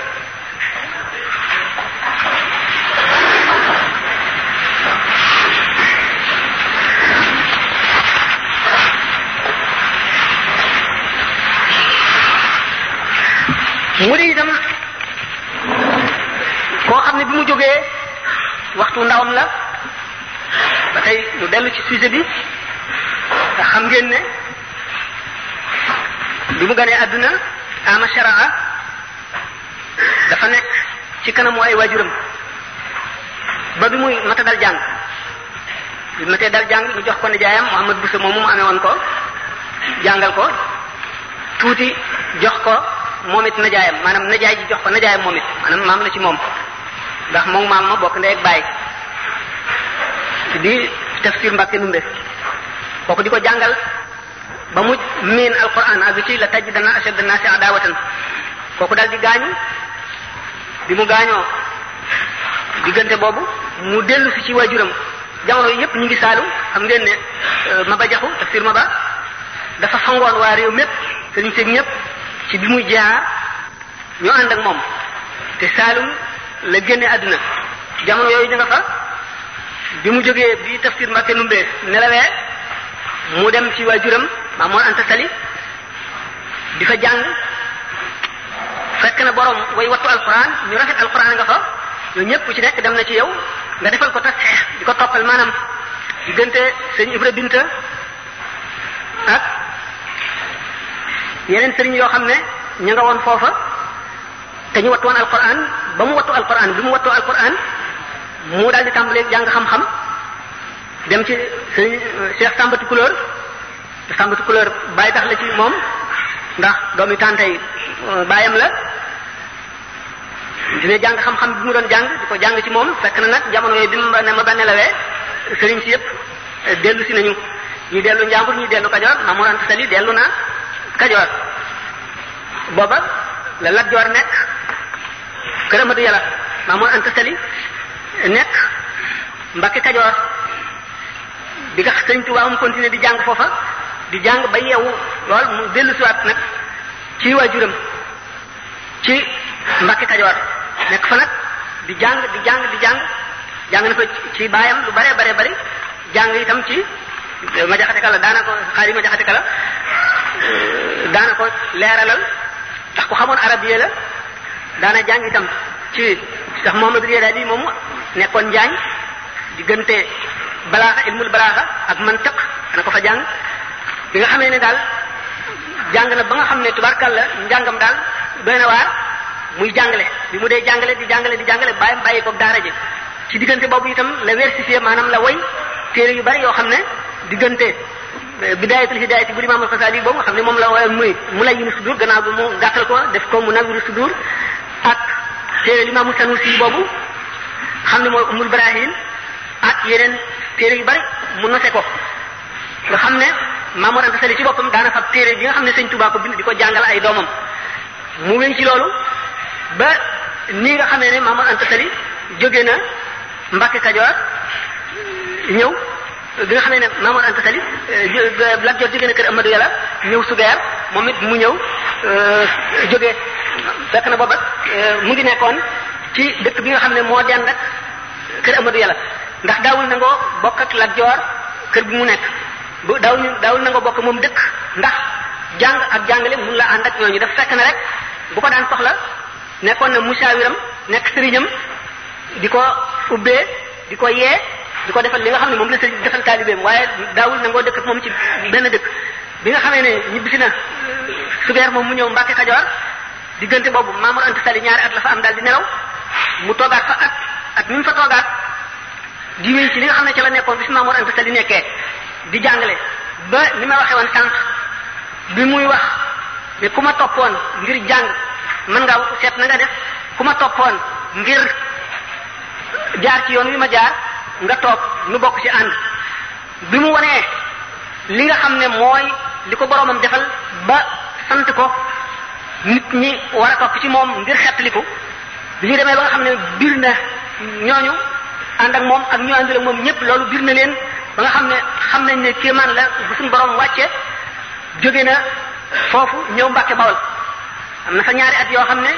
Speaker 1: mu di itam koo xam ne bi mu jógee waxtu ndawam la ba tey lu dellu ci sujet bi xam ngeen ne bi mu ganee àdduna ama sharaa dafa nekk ci kanamu ay waajuram ba bi muy mata dal jàng bi matee dal jàng mu jox ko ne jaayam Mouhamad Bousso moom mu amee woon ko jàngal ko tuuti jox ko moom it najaayam maanaam najaay ji jox ko najaayam moom it maam la ci moom ndax moom maam ma bokk ndey ak baay di tafsir Mbàkke Ndumbe kooku di ko jàngal ba mu miin alquran ak ci la taj dana ashad naasi adawatan kooku dal di gaañu bi mu gaañoo diggante boobu mu dellu si ci waajuram jamono yépp ñu ngi saalum xam ngeen ne euh, ba Jaxu tafsir Maba dafa fangoon waa réew mépp sëriñ seeg ñépp ci bi mu jaar ñu ànd moom te Saalum la génne àdduna jamono yooyu da nga fa bi mu jógee bi tafsir Mbàkke Ndumbe nelawee mu dem ci waajuram Maamoor Anta Sali di fa jàng fekk na borom way wattu alquran ñu rafet alquran nga fa ñooñu ñëpp ci nekk dem na ci yow nga defal ko tasxeex di ko toppal maanaam diggante sëñ Ibra Binta yeneen sëriñ yoo xam ne ñu nga woon foofa te ñu wattu woon alquran ba mu wattu alquran bi mu wattoo alquran mu daal di tàmbalee jàng xam-xam dem ci sëriñ Cheikh Sambati Couleur bàyyi tax la ci moom ndax doomi tàntey euh, baayam la dina jàng xam-xam bi mu doon jàng di ko jàng ci moom fekk na nag jamono yooyu bi mu ne ma benn sëriñ si yëpp euh, dellu si nañu ñi dellu njàmbur ñi dellu Kajoor Maam Mor Anta Sali dellu na kajoor booba la Lat Joor nekk kër Amadu Yàlla Maamoor Anta Sali nekk Mbàkke Kajoor bi nga Sëriñ Tuubaa mu continuer di jàng foofa di jàng ba yeewu lool mu dellu siwaat nag ci waajuram ci Mbàkke Kajoor nekk fa nag di jàng di jàng di jàng jàng na ko ci baayam lu bare bare bari jàng yi itam ci ma jaxate kala xaari ma jaxate kala daana ko leeralal ndax ko xamoon arabiya la daana jàng itam ci sax Muhammadul Yadaali moom nekkoon njàng diggante balaaxa ilmul balaaxa ak mantiq dana ko fa jàng bi nga xamee ne daal jàng na ba nga xam ne tubarkal la njàngam daal doy na waar muy jàngale bi mu dee jàngale di jàngale di jàngale bàyyam bàyyi koog daara ji ci diggante boobu itam la versifié maanaam la woy téere yu bari yoo xam ne diggante bidaayatul hidaayati bu imaam al-Xasaali boobu nga xam ne moom la wooyal muy mu lay yinu sudur gannaaw bi mu gàttal ko def ko mu nawiru sudur ak téere limaamu Sanusi boobu xam ne mooy umul barahin ak yeneen téere yu bari mu nose ko nga xam ne Maam Mor Anta ci boppam daana fab téere bi nga xam ne Sëñ Tuubaa ko bind di ko jàngal ay doomam mu wéñ ci loolu ba nii nga xam ne Maam Mor jóge na Mbàkke Kajoor ñëw bi nga xamee ne Maamor Anta Sali eh, Lat Joor jógee na kër Amadou Yàlla ñëw Sugeer moom it mu ñëw eh, jógee fekk na booba eh, mu ngi nekkoon ci dëkk bi nga xam ne moo dend rek kër Amadou Yàlla ndax daawul nangoo bokk ak Lat Joor kër bi mu nekk bu daawul daawul nangoo bokk moom dëkk ndax jàng ak jàngale mu la ànd ak ñooñu daf fekk na rek bu ko daan soxla nekkoon na musaawiram nekk sëriñam di ko ubbee di ko yee di ko defal li nga xam ne moom la sëriñ defal taalibeem waaye daawul nangoo dëkk ak moom ci benn dëkk bi nga xamee ne ñibbisi na sugeer moom mu ñëw Mbàkke Kajoor diggante boobu Maamor Anta Sali ñaari at la fa am daal di nelaw mu toggaat fa at ak mi mu fa toogaat di wéy ci li nga xam ne ci la nekkoon bi si Maamor Anta li nekkee di jàngale ba ni ma waxee woon sànq bi muy wax ne ku ma toppoon ngir jàng mën ngaa seet na def ku ma toppoon ngir jaar ci yoon wi ma jaar nga toog nu bokk ci ànd bi mu wanee li nga xam ne mooy li ko boroomam defal ba sant ko nit ñi war a topp ci moom ngir xettaliku bi ñuy demee ba nga xam ne biir na ñooñu ànd ak moom ak ñoo àndul ak moom ñëpp loolu biir na leen ba nga xam ne xam nañ ne kéemaan la bu suñu borom wàcce jóge na foofu ñëw Mbàkke Bawol am na fa ñaari at yoo xam ne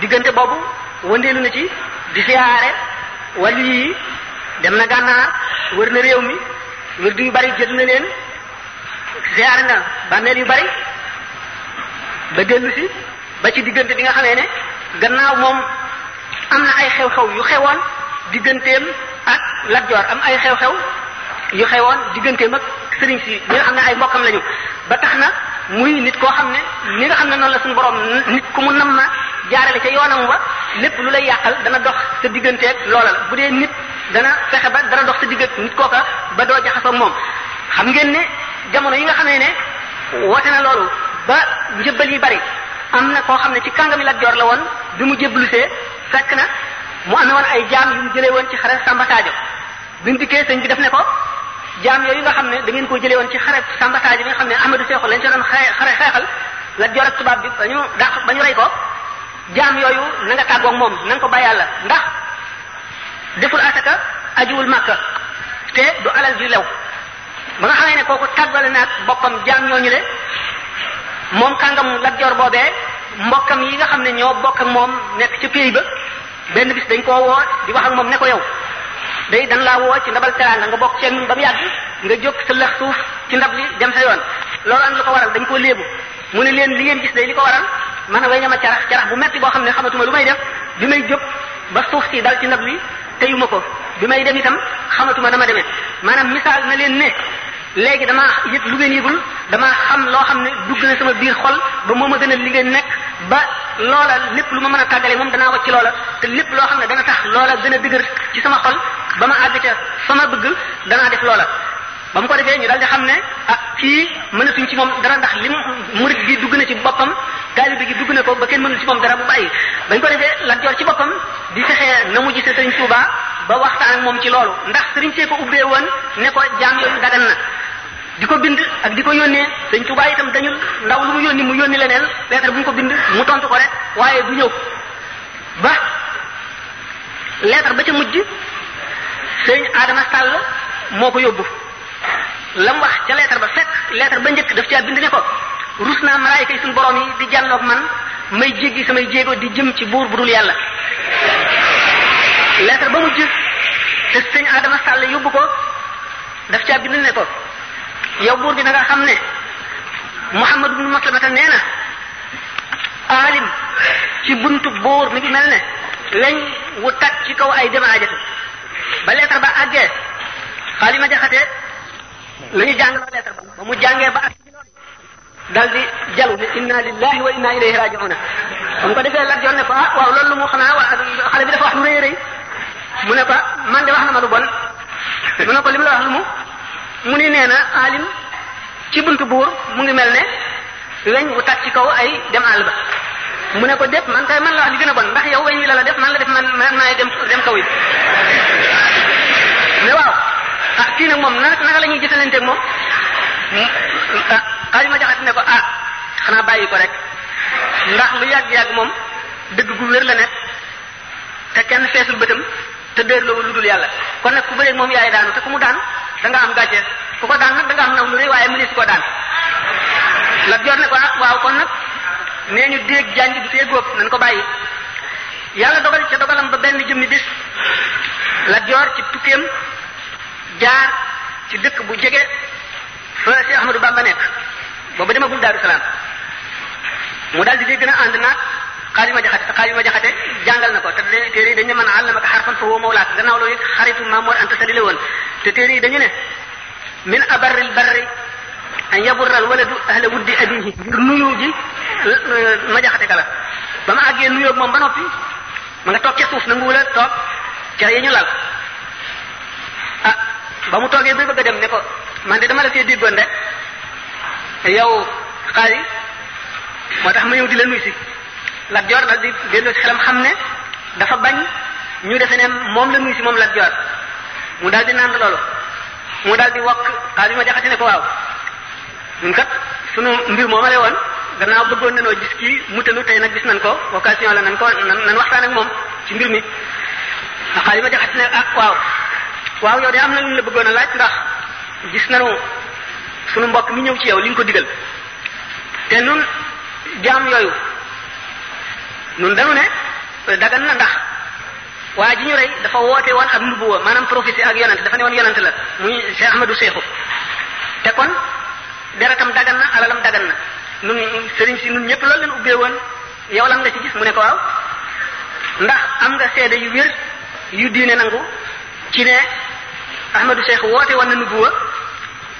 Speaker 1: diggante boobu wëndeelu na ci di siyaare wàllu dem na gànnaar wër na réew mi wër du yu bari jël na leen ziar na bànneel yu bari ba dellu ba ci diggante bi nga xamee ne gannaaw moom am na ay xew-xew yu xewoon digganteem ak Lat am ay xew-xew yu xewoon digganteem ak sëriñ si ñu xam ne ay mbokkam lañu ba tax na muy nit koo xam ne ni nga xam ne noonu la suñu borom nit ku mu nam na jaarale ca yoonam wa lépp lu lay yàqal dana dox sa digganteeg loola bu dee nit dana fexe ba dana dox sa diggante nit kooka ba doo jaxasoo moom. xam ngeen ne jamono yi nga xamee ne woote na loolu ba njëbbal yi bari am na koo xam ne ci kàngami Lat la woon bi mu jébbalusee fekk na mu amee woon ay jaam yu mu jëlee woon ci xare Samba Sadio bi mu dikkee def ne ko. jaam yooyu nga xam ne da ngeen jëlee woon ci xare Samba bi nga xam ne Amadou Seexu lañ ca doon xare xeexal la joor ak tubaab bi ba ñu dàq ba ñu rey ko jaam yooyu na nga tàggoog moom na ko bàyyi yàlla ndax deful asaka ajuwul màkka te du alal ju lew ba nga xamee ne kooku tàggale naag boppam jaam ñooñu le moom kàngam Lat Joor boobee mbokkam yi nga xam ne ñoo bokk ak moom nekk ci pays ba benn bis dañ koo woo di wax ak moom ne ko yow day dañ laa woo ci ndabal teraanga nga bokk ceeb ñun ba mu yàgg nga jóg sa lëx suuf ci ndab li dem sa yoon loolu am lu ko waral dañ koo léebu mu ne leen li ngeen gis day li ko waral man way na ma carax carax bu metti boo xam ne xamatuma lu may dem bi may jóg ba suuf si dal ci ndab li teyuma ko bi may dem itam xamatuma dama demee maanaam misaal na leen ne léegi damaa yëg lu ngeen yëgul damaa xam loo xam ne dugg sama biir xol ba moo ma gën a li ngeen nekk ba loola lu ma mën a tàggale moom danaa wacc loola te lépp loo xam ne dana tax loola gën a dëgër ci sama xol ba ma àgg ca fa bëgg danaa def loola ba mu ko defee ñu daal di xam ne ah kii mënatuñ ci moom dara ndax li murid bi dugg na ci boppam taalibe gi dugg na ko ba kenn mënul ci moom dara bu bàyyi bañ ko defee Lat Joor ci boppam di fexee na mu gisee Sëriñ Tuuba ba waxtaan ak moom ci loolu ndax Sëriñ see ko ubbee woon ne ko jaam yooyu dagan na di ko bind ak di ko yónnee Sëriñ Tuuba itam dañul ndaw lu mu yónni mu yónni leneen lettre bu ñu ko bind mu tontu ko rek waaye du ñëw ba lettre ba ca mujj Sëriñ Adama Sall moo ko yóbbu lam wax ca leetar ba fekk leetar ba njëkk def caa bind ne ko rus naa malaayika yi suñu borom di jàlloog man may jéggi samay jéego di jëm ci buur bu dul yàlla leetar ba mujj te sëñ Adama Sall yóbbu ko def caa bind ne ko yow buur bi na nga xam ne Muhammad ibnu Maslamata nee na aalim ci buntu buur mi ngi mel ne lañ wu tag ci kaw ay dem aajatu ba leetar ba àggee xaalima jaxate la ñu jàngaloo lettre ba mu jàngee ba ak dal di jalu ne inna lillahi wa inna ilayhi raji'una ko defee Lat Joor ne ko ah waaw loolu mu xanaa waa xale bi dafa wax lu rëy rëy mu ne ko man de wax na ma lu bon mu ne ko li mu la wax lu mu mu ni nee na alim bunt buntu buur mu ngi mel ne weñ bu tàkk ci kaw ay dem àll ba mu ne ko dépp man kay man la wax li gën a bon ndax yow weñ wi la la def man la def man maay dem dem kaw yi ne waaw ah kii nag moom nag naka lañuy ñuy jëflanteeg moom hmm? ah ma jaxat ne ko ah xanaa bàyyi ko rek ndax lu yàgg-yàgg moom dëgg gu wér la ne te kenn feesul bëtam te déer loowu lu dul yàlla kon nag ku bëreeg moom yaay daanu te ku mu daan danga am gàcce ku ko daan nag da am naw lu rëy waaye mu ko daan la jor ne ko ah waaw kon nag nee ñu déeg janj du fee góob nañ ko bàyyi yàlla dogal ca dogalam ba benn jëmmi bis la jor ci tukkeem jaar ci dëkk bu jege fa si Ahmadou Bamba nekk boobu demagul Daaru Salaam mu daal di a na ànd naag xaarima jaxate te xaarima jaxate jàngal na ko te téere yi dañu ne man àllamaka xarfan fa woo mawlaak gannaaw loolu xaritu Maamoor yi dañu ne min abarril barri an yaburral waladu ahla wuddi abihi ngir nuyu ji ma jaxate kala ba ma àggee nuyoo moom ba noppi ma nga toog ca suuf nanguwula toog ca yi ñu lal ba mu toogee ba bëgg a dem ne ko man de dama la fee déggoon rek yow xaali moo tax ma ñëw di la nuy si Lat Joor dal di delloo ci xelam xam ne dafa bañ ñu defe ne moom la nuy si moom Lat Joor mu daal di naan loolu mu daal di wokk xaali ma jaxase ne ko waaw ñun kat sunu mbir moomale woon gannaaw bëggoon nanoo gis kii mu tënu tey nag gis nañ ko occasion la nañ ko nan waxtaan ak moom ci mbir mi xaali ma jaxase ne ah, waaw waaw yow de am na lu la bëggoon a laaj ndax gis nañu sunu mbokk mi ñëw ci yaw li nga ko digal te nun jaam yooyu nun dañu ne dagan na ndax waa ji ñu rey dafa woote woon ak nubuwa maanaam prophétie ak yonent dafa ne woon yonent la muy Cheikh Ahmadou Cheikhou te kon deretam dagan na alalam dagan na nun si nun ñëpp loolu leen ubbee woon yow lan nga ci gis mu ne ko waaw ndax am nga seede yu wér yu diine nangu ci ne Ahmadou Cheikh woote woon na nubuwa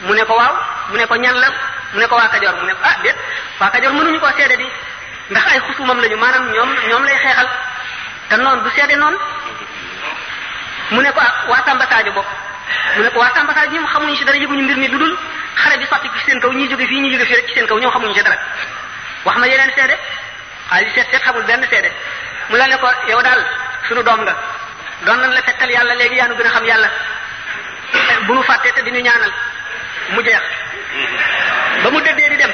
Speaker 1: mu ne ko waaw mu ne ko ñan la mu ne ko waa Kajoor mu ne ko ah déet waa Kajoor mënuñu koo seede di ndax ay xusumam lañu maanaam ñoom ñoom lay xeexal te noon du seede noonu mu ne ko ah waa Tamba Sadio mu ne ko waa Tamba Sadio ñoom xamuñu ci dara yëguñu mbir nii lu dul xale bi sotti ci seen kaw ñuy jóge fii ñuy jóge fii rek ci seen kaw ñoom xamuñu ci dara wax ma yeneen seede xaalis seet seet xamul benn seede mu la ne ko yow daal sunu doom nga doon nañ la fekkal yàlla léegi yaa nu a xam yàlla bu nu fàttee te di ñu ñaanal mu jeex ba mu dëddee di dem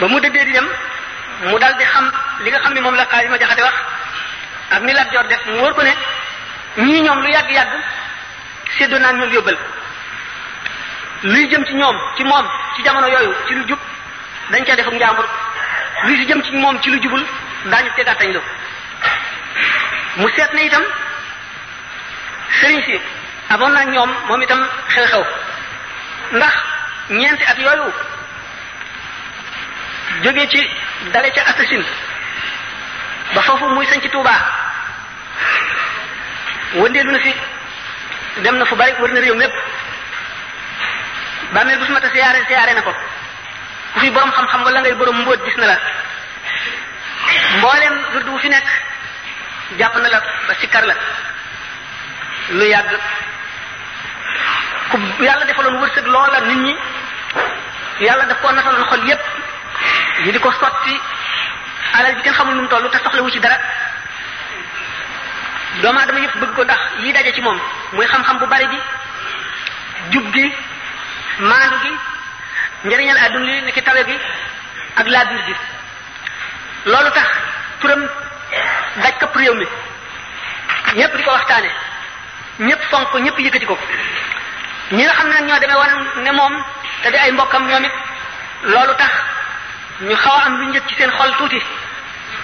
Speaker 1: ba mu dëddee di dem mu daldi xam li nga xam ne moom la xaar yi ma jaxate wax ak ni Lat Joor def mu wóor ko ne ñii ñoom lu yàgg yàgg séddoo naa ñoom yóbbal luy jëm ci ñoom ci moom ci jamono yooyu ci lu jub dañ ca defuk njàmbur luy si jëm ci moom ci lu jubul daañu tegaatañ lo mu seet ne itam sëriñ si amoon na ñoom moom itam xew-xew ndax ñeenti at yooyu jóge ci dale ca asasin ba foofu muy sañ ci Tuubaa wëndeelu na fi dem na fu bari wër na réew mépp bàmmeel bu su mat a siyaare siyaare na ko ku fi borom xam-xam wala ngay borom mbóot gis na la mboolem wird bu fi nekk jàpp na la ba sikkar la lu yàgg ku yàlla defaloon wërsëg loola nit ñi yàlla daf koo nataloon xol yépp ñu di ko sotti alal ji kenn xamul nu mu toll te soxlawu ci dara doomu aadama yëpp bëgg ko ndax yi daje ci moom muy xam-xam bu bari bi jub gi maandu gi njëriñal àdduna li nekk tawe bi ak laabir gi loolu tax turam daj këpp réew mi ñépp di ko waxtaane ñépp fonk ñëpp yëkkati ko ñi nga xam ne nag ñoo demee woon ne moom te di ay mbokkam ñoom it loolu tax ñu xaw am lu njëkk ci seen xol tuuti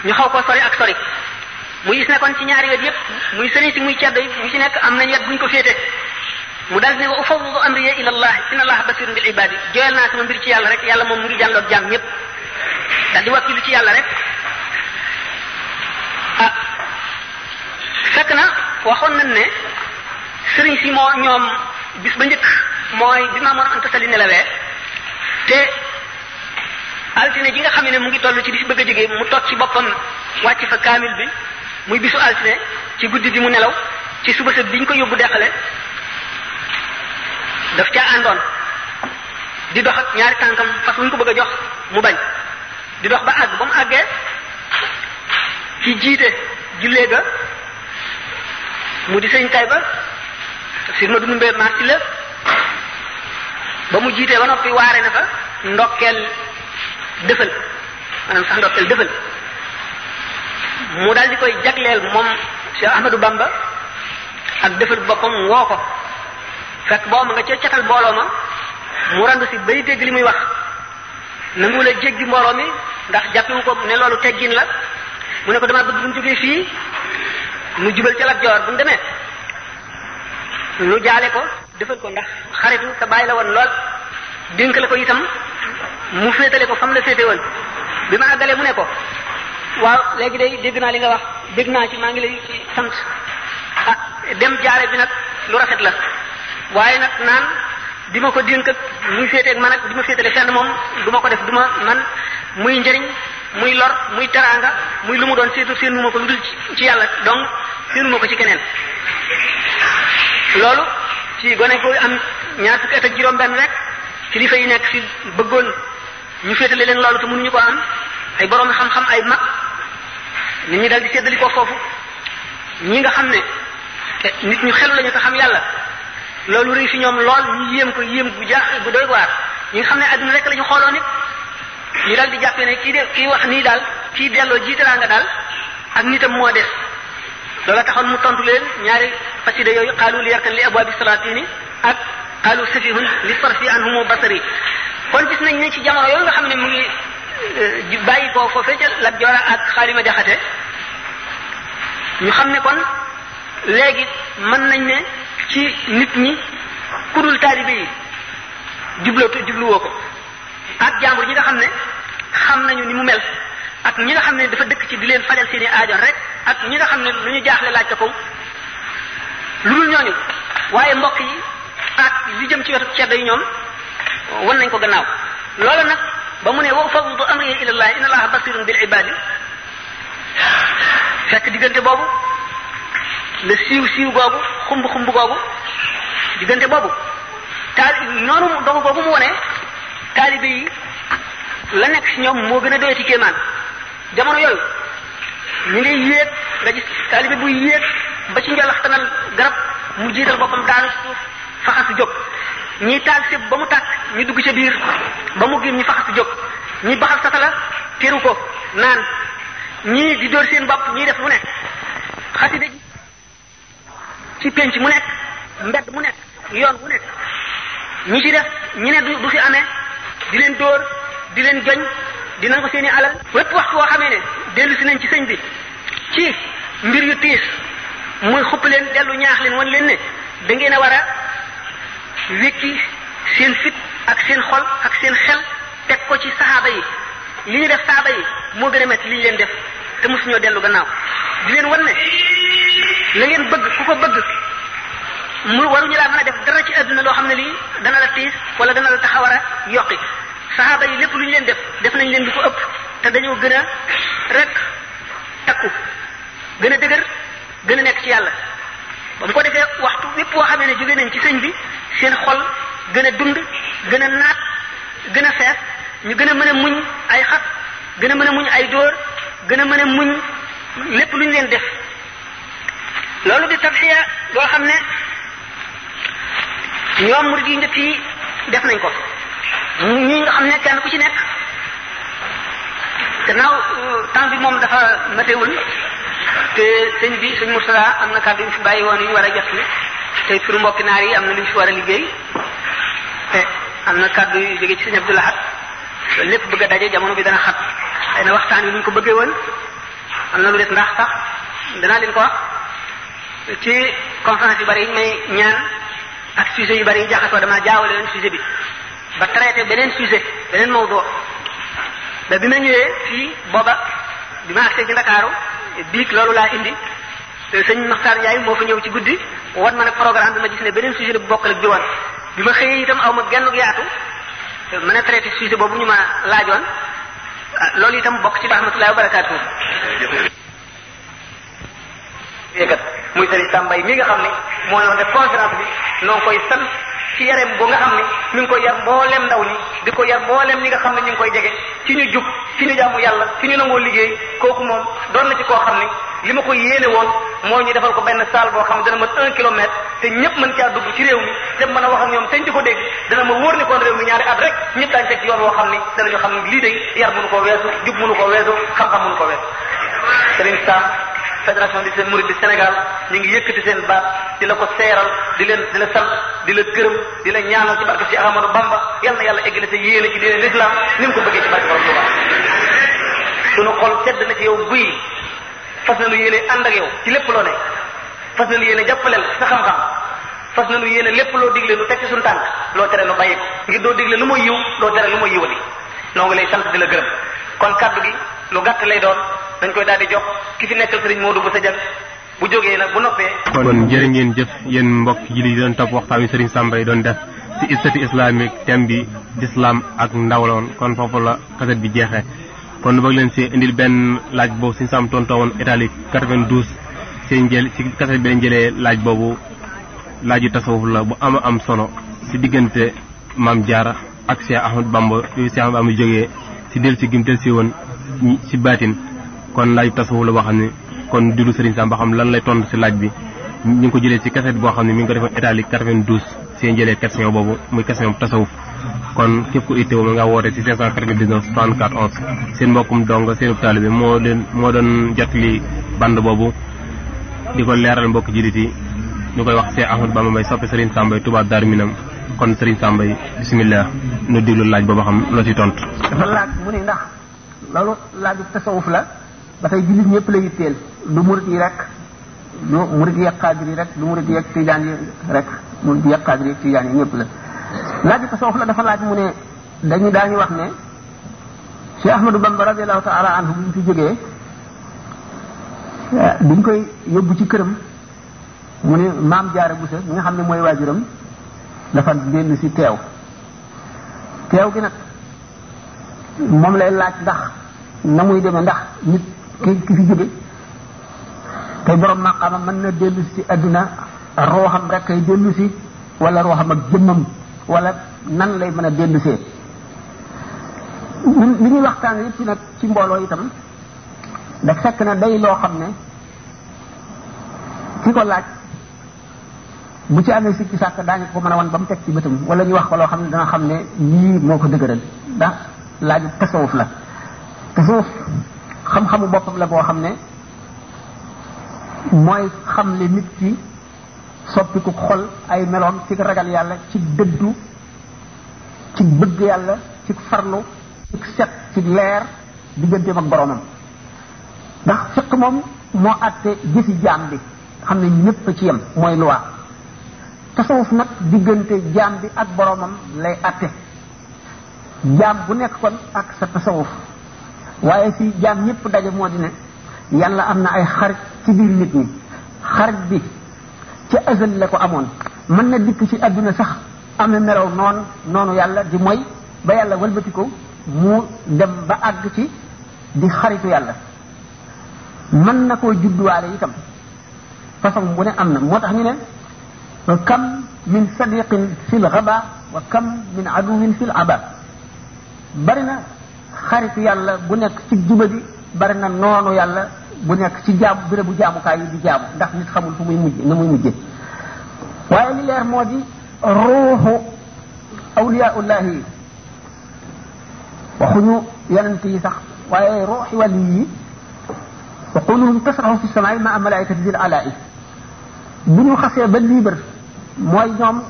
Speaker 1: ñu xaw ko sori ak sori muy gis ne ci ñaari wet yëpp muy sëriñ muy ceddo yi ñu ci nekk am nañ wet buñ ko féete mu dal ne wa ufawwidu amri ila allah inna allah basirun bil ibadi joyal naa ci yàlla rek yàlla moom mu ngi jàndoog jaam ñëpp dal di ci yàlla rek ah fekk na waxoon nañ ne sëriñ si moo ñoom bis ba njëkk mooy bi Maam Mor Anta Sali nelawee te altine ji nga xam ne mu ngi toll ci bis bëgg a jógee mu toog ci boppam wàcc fa kaamil bi muy bisu altine ci guddi bi mu nelaw ci suba sa biñ ko yóbbu deqale daf caa àndoon di dox ak ñaari tànkam fas wuñ ko bëgg a jox mu bañ di dox ba àgg ba mu àggee ci jiite jullee ba mu di sëñ tay ba tafsir ma dund mbay maas ba mu jiitee ba noppi waare na fa ndokkeel dëfal maanaam sax ndokkeel dëfal mu daal di koy jagleel moom Cheikh Ahmadou Bamba ak dëfal boppam woo ko fekk boo ma nga ca catal mbooloo ma mu randu si bay dégg li muy wax nangu la jéggi mbooloo mi ndax jàppewu ko ne loolu teggin la mu ne ko dama bëgg bu ñu jógee fii mu jubal ca Lat Joor bu ñu demee nu jaale ko defal ko ndax xaritu sa bàyyi la woon lool dénk la ko itam mu féetale ko fam la féete woon bi ma àggalee mu ne ko waaw léegi day dégg naa li nga wax dégg naa ci maa ngi lay ci sant ah dem jaare bi nag lu rafet la waaye nag naan di ma ko dénk ak muy féete ak man ak di ma féetale fenn moom duma ko def duma man muy njëriñ muy lor muy teraanga muy lu mu doon séetu séenu ma ko lu dul ci yàlla donc séenu ma ko ci keneen loolu ci gone ko am ñaar fukki at ak benn rek kilifa yi nekk fi bëggoon ñu féetale leen loolu te mënuñu ko am ay borom xam-xam ay mag nit ñi dal di séddali ko foofu ñi nga xam ne nit ñu xelu lañu ko xam yàlla loolu rëy fi ñoom lool ñu yéem ko yéem gu jaax bu doy waar ñi nga xam ne àdduna rek la ñu xooloon it ñu daal di jàppee ne kii de kii wax nii daal kii delloo jiitaraa nga daal ak nitam moo des loola taxoon mu tontu leen ñaari fasida yooyu xaalu li yarkan li abwaabi salaatini ak xaalu safihun li sarfi anhumu basari kon gis nañ ne ci jamono yooyu nga xam ne mu ngi eh, bàyyi ko foofee ca Lat Joor ak Xaalima Jaxate ñu xam ne kon léegi mën nañ ne ci nit ñi kudul taalibe yi jubluwoo ko ak jàmbur ñi nga xam ne xam nañu ni mu mel ak ñi nga xam ne dafa dëkk ci di leen fajal seeni aajo rek ak ñi nga xam ne lu ñu jaaxle laaj ko lu dul ñooñu waaye mbokk yi ak li jëm ci wetu ceddo yi ñoom wan nañ ko gannaaw loolu nag ba mu ne wa fawdu amri ila allah inna allaha basirun bil ibadi fekk diggante boobu le siiw siiw googu xumb xumb googu diggante boobu taal noonu dogu googu mu wone taalibe yi la nekk si ñoom moo gën a doy ci kéemaan jamono yooyu ñu ngi yéeg nga gis taalibe buy yéeg ba ci njolaxtanal garab mu jiital boppam daanu suuf faxas jóg ñiy taal si ba mu tàkk ñu dugg ca biir ba mu génn ñu faxas jóg ñi baxal la teru ko naan ñii di dóor seen bopp ñii def mu nekk xasida ji ci mu nekk mbedd mu nekk yoon mu nekk ñi ci def ñi ne du fi amee di leen dóor di leen joñ dina nangu seen i alal wépp wax woo xamee ne dellu si nañ ci sëñ bi ci mbir yu tiis mooy xupp leen dellu ñaax leen wan leen ne da ngeen a war a wékki seen fit ak seen xol ak seen xel teg ko ci saxaaba yi li ñu def saaba yi moo gën a metti li ñu leen def te mosuñoo dellu gannaaw di leen wan ne la ngeen bëgg ku ko bëgg mu waruñu laa mën a def dara ci àdduna loo xam ne lii dana la tiis wala dana la taxawar a yokki saxaaba yi lépp lu ñu leen def def nañ leen lu ko ëpp te dañoo gën a rek takku gën a dëgër gën a nekk ci yàlla ba mu ko defee waxtu wépp boo xamee ne jóge nañ ci sëñ bi seen xol gën a dund gën a naat gën a fees ñu gën a mën a muñ ay xat gën a mën a muñ ay dóor gën a mën a muñ lépp lu ñu leen def loolu di tabxiya loo xam ne ñoom murid yi njëkk yi def nañ ko ñi nga xam ne ku ci nekk gannaaw euh, temps bi moom dafa matewul te sëñ bi sëñ Moussa am na kàddu yu fi bàyyi woon yu war a jot te pour mbokki naar yi am na lu ñu fi war a liggéey te am na kàddu yu jóge ci sëñ Abdou Lahad loolu lépp bëgg a daje jamono bi dana xat xëy na waxtaan wi ni ko bëggee woon am na lu des ndax sax danaa leen ko wax ci conférence yu bari yi may ñaan ak sujet yu bari yi jaxasoo damaa jaawale leen sujet bi ba traité beneen sujet beneen mawdu ba bi ma ñëwee fii booba bi ma agsee ci Ndakaaru biig loolu laa indi sëñ Maxtaar Ndiaye moo fa ñëw ci guddi wan ma nag programme bi ma gis ne beneen sujet bu bokk ak bi woon bi ma xëyee itam aw ma genn yaatu mën a traité sujet boobu ñu ma laajoon ah, loolu itam bokk ci rahmatullahi wa barakaatuhu muy sëriñ Samba mi nga xam ne moo doon def conférence bi noo ngi koy sant ci yareem bu nga xam ne mi ngi koy yar mboolem ndaw ñi di ko yar mboolem ñi nga xam ne ñu ngi koy jege ci ñu jub ci ñu jaamu yàlla ci ñu nangoo liggéey kooku moom doon na ci koo xam ne li ma koy yéene woon moo ñu defal ko benn salle boo xam ne dana ma un kilomètre te ñëpp mën caa dugg ci réew mi te mën a wax ak ñoom teñ di ko dégg dana ma wóor ni kon réew mi ñaari at rek ñëpp daañu teg ci xam ne danañu xam lii day yar mënu ko weesu jub mënu ko weesu xam-xam mënu ko weesu sëriñ Sam fédération di seen murid di Sénégal ñu ngi yëkkati seen baat di la ko seeral di leen di la sant di la gërëm di la ñaanal ci barke si Ahmadou Bamba yal na yàlla eggale sa yéene ci diine l'islam ni mu ko bëggee ci barke Borom Tuuba sunu xol sedd na ci yow guy fas na nu yéene ànd ak yow ci lépp loo ne fas na nu yéene jàppaleel sa xam-xam fas na nu yéene lépp loo digle nu teg ci sunu tànk loo tere nu bàyyi ko ngir doo digle lu mooy yiw loo tere lu mooy yiwati noo ngi lay sant kon kaddu gi lu lay doon dañ koy daal di jox ki fi nekkal sëriñ Modou bu sa jag bu jógee nag bu noppee.
Speaker 3: kon jërë ngeen jëf yéen mbokk yi li doon topp waxtaan wi sëriñ Samba yi doon def ci istati islamique thème bi ak ndaw la woon kon foofu la kaset bi jeexee. kon bëgg leen si indil benn laaj boobu sëriñ Samba tontoo woon Italie 92 seen jël kaset bi leen jëlee laaj boobu laaju tasawuf la bu am am solo ci diggante Maam Jaara ak Cheikh Ahmad Bamba yu Cheikh Ahmad Bamba jógee si dellu si gim dellu si woon ci baatin. kon laaj tasawuf la boo xam ne kon dilu Serigne Sam ko jëlee ci cassette boo xam ne mi ngi ko defoon italique 92 seen jëlee question boobu muy question tasawuf kon képp moo doon jot li band boobu di ko leeral mbokk jullit yi ñu koy wax Cheikh Ahmad Bamba Mbaye soppi Serigne Sam Mbaye Touba Darou Minam kon Serigne Sam Mbaye bisimilah nu diglu laaj boobu xam loo ci tontu.
Speaker 1: dafa laaj mu ni ndax loolu laaju tasawuf la. ba tey jullit ñëpp la yitteel lu murit yi rek lu murit yeeg yi rek lu mu yeeg tijaan yi rek murit yeeg xaadir yeeg tijaan yi ñëpp la laaj bi tasawuf la dafa laaj mu ne dañu daañu wax ne Cheikh Ahmadou Bamba radiallahu taala anhu bu eh, ñu ci jógee duñ koy yóbbu ci këram mu ne maam jaare bu se mi nga xam ne mooy waajuram dafa dellu si teew teew gi nag moom lay laaj ndax na muy demee ndax nit ki ki fi jóge te borom maqaama mën na dellu si rooxam rek ay dellu si wala rooxam ak jëmmam wala nan lay mën a dellu see li ñuy waxtaan yëpp ci nag ci mbooloo itam da fekk na day loo xam ne ki ko laaj bu ci amee sikki sàkk daañu ko mën a wan ba mu teg ci bëtam wala ñu wax ko loo xam ne dana xam ne lii moo ko dëgëral ndax laaj tasawuf la tasawuf xam-xamu boppam la boo xam ne mooy xam le nit ki soppiku xol ay meloom ci ragal yàlla ci dëddu ci bëgg yàlla ci farlu ci set ci leer digganteem ak boromam ndax fiq moom moo àtte jëfi jaam bi xam ne ñëpp ci yem mooy luwaa tasawuf nag diggante jaam bi ak boromam lay àtte jaam bu nekk kon ak sa tasawuf waaye si jaam ñëpp daje moo di ne am na ay xarit ci biir nit ñi xarit bi ca azal la ko amoon mën na dikk ci adduna sax am na meraw noonu noonu yàlla di mooy ba yàlla walbati ko mu dem ba àgg ci di xaritu yàlla mën na koo judduwaale itam façon bu ne am na moo tax ñu ne kam min sadiqin fil ghaba wa kam min aduwin fil aba bari na xaritu yàlla bu nekk ci jubadi bari na noonu yàlla bu nekk ci jaamu bérébu jaamukaay yi di jaamu ndax nit xamul fu muy mujj na muy mujje waaye li leer moo di ruuxu awliyaullahi yi waxuñu yonent yi sax waaye ruuxi wàlli yi wa quluhum tasraxu fi samaai ma malaikati dil alaa'i bu ñu xasee ba libre mooy ñoom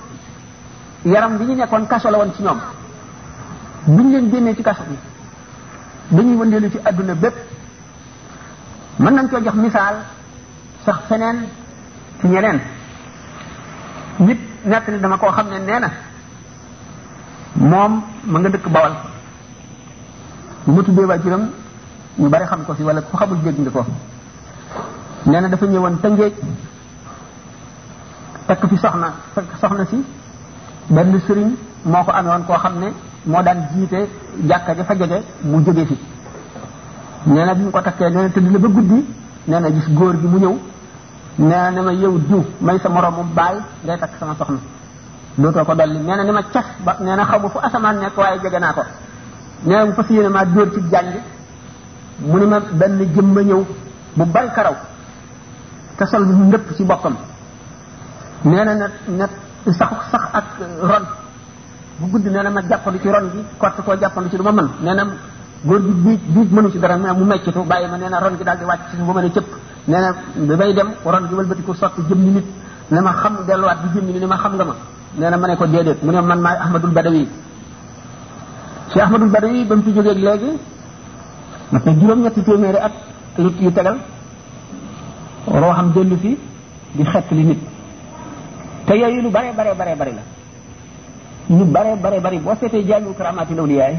Speaker 1: yaram bi ñu nekkoon kaso la woon ci ñoom buñ leen génnee ci kaso bi dañuy wëndeelu ci adduna bépp mën nañ koo jox misaal sax feneen ci ñeneen nit nekk ni dama koo xam ne nee moom ma nga dëkk bawal bu ma tuddee waajuram ñu bari xam ko si wala ku xamul dégg nga ko nee dafa ñëwoon tëngéej takk fi soxna takk soxna si benn sëriñ moo ko amee koo xam ne moo daan jiite jàkka ja fa jege mu jóge fi nee bi mu ko takkee nee na tëdd na ba guddi nee na gis góor gi mu ñëw nee na ma yow diw may sa moroom mu bàyyi ngay takk sama soxna dootoo ko dolli nee na ni ma cas ba nee na xaw ma fu asamaan nekk waaye jege naa ko nee na mu fas yéene maa dóor ci jàngi mu ne ma benn jëmma ñëw bu bari karaw te sol ndëpp ci boppam nee na na na sax ak ron bu guddi nee na ma jàppandu ci ron gi kott koo jàppandu ci lu ma mën nee na góor gi bii bii mënu ci dara mu meccitu bàyyi ma nee na ron gi daal di wàcc ci bu ma ne cëpp nee na bi may dem ron gi wëlbatiku ni nit ma xam delluwaat bi jëm ni ni ma xam nga ma nee na ma ko déedéet mu ne man maay ahmadul badawi ci ahmadul badawi ba mu fi jógeeg léegi mat na juróom-ñetti téeméeri at yu tegal roo xam dellu fi di xett li nit te yooyu lu bare bare bare bari la lu bare bare bari boo seetee jaalu karamaati lawliyaay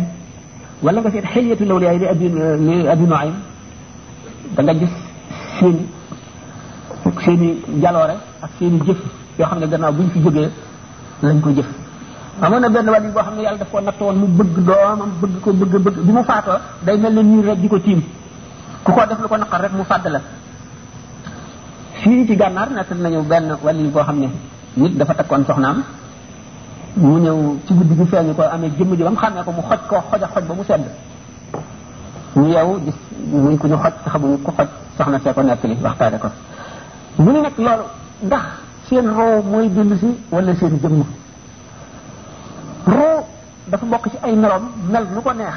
Speaker 1: wala nga seet xiliyatu lawliyaay li abi li abi Nuaym da gis seen seen jaloore ak seen i jëf yoo xam ne gannaaw buñ fi jógee lañ ko jëf amoon na benn wàll boo xam ne yàlla daf koo natt woon mu bëgg doomam bëgg ko bëgg bëgg bi mu faatoo day mel ne niir rek di ko tiim ku ko def lu ko naqar rek mu fàdd la fii ci gànnaar nekk nañu benn wàll boo xam ne nit dafa takkoon soxnaam mu ñëw ci guddi gu feeñu ko amee jëmm ji ba mu ko mu xoj ko xoj a xoj ba mu sedd mu yeewu gis muy ku ñu xoj te xamuñu ku xoj soxna see ko nettali waxtaane nag loolu ndax seen roo mooy dellu si wala seen jëmm roo dafa bokk ci ay meloom mel nu ko neex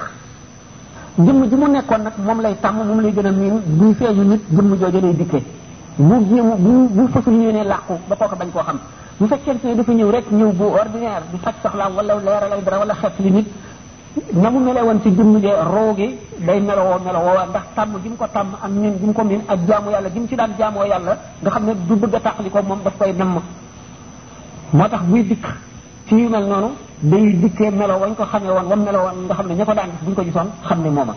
Speaker 1: jëm ji mu nekkoon nag moom lay tàmm moom lay gën a miin buy feeñu nit jëmm jooju lay dikkee bu jéemu bu bu fasul yéenee làqu ba kooka bañ koo xam bu fekkente ne dafa ñëw rek ñëw bu ordinaire di faj soxlaam wala leeralay dara wala xet li nit na mu melewoon ci jëmm de roogi day melowoo melowoo ndax tàmm gi mu ko tàmm ak miin gi mu ak jaamu yàlla gi mu ci daan jaamoo yàlla nga xam ne du bëgg a tàqali moom daf koy namm moo tax buy dikk ci yu mel noonu day dikkee melo wañ ko xamee wan wam melo woon nga xam ne ña ko daan gis buñ ko gisoon xam ne mooma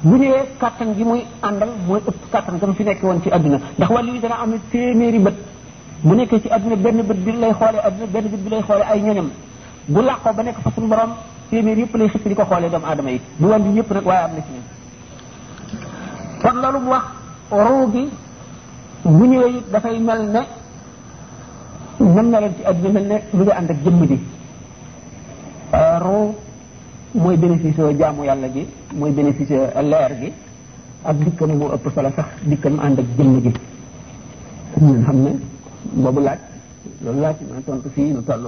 Speaker 1: bu ñëwee kàttan gi muy àndal mooy ëpp kàttan gam fi nekk woon ci àdduna ndax wàllu yi dana am téeméeri bët mu nekkee ci adduna benn bët bi lay xoole adduna benn bët bi lay xoole ay ñoñam bu làqoo ba nekk fa suñu borom téeméer yëpp lay xëpp di ko xoolee doomu aadama yi du wan bi yëpp nag waaye am na ci ñun kon loolu mu wax ruu gi bu ñëwee it dafay mel ne mën leen ci adduna mel ne lu nga ànd ak jëmm gi euh, ruu mooy bénéfice oo jaamu yàlla gi mooy bénéfice leer gi ak dikkam moo ëpp solo sax dikkam ànd ak jëmm gi ñun xam ne boobu laaj loolu laaj ci mën a tontu fii nu toll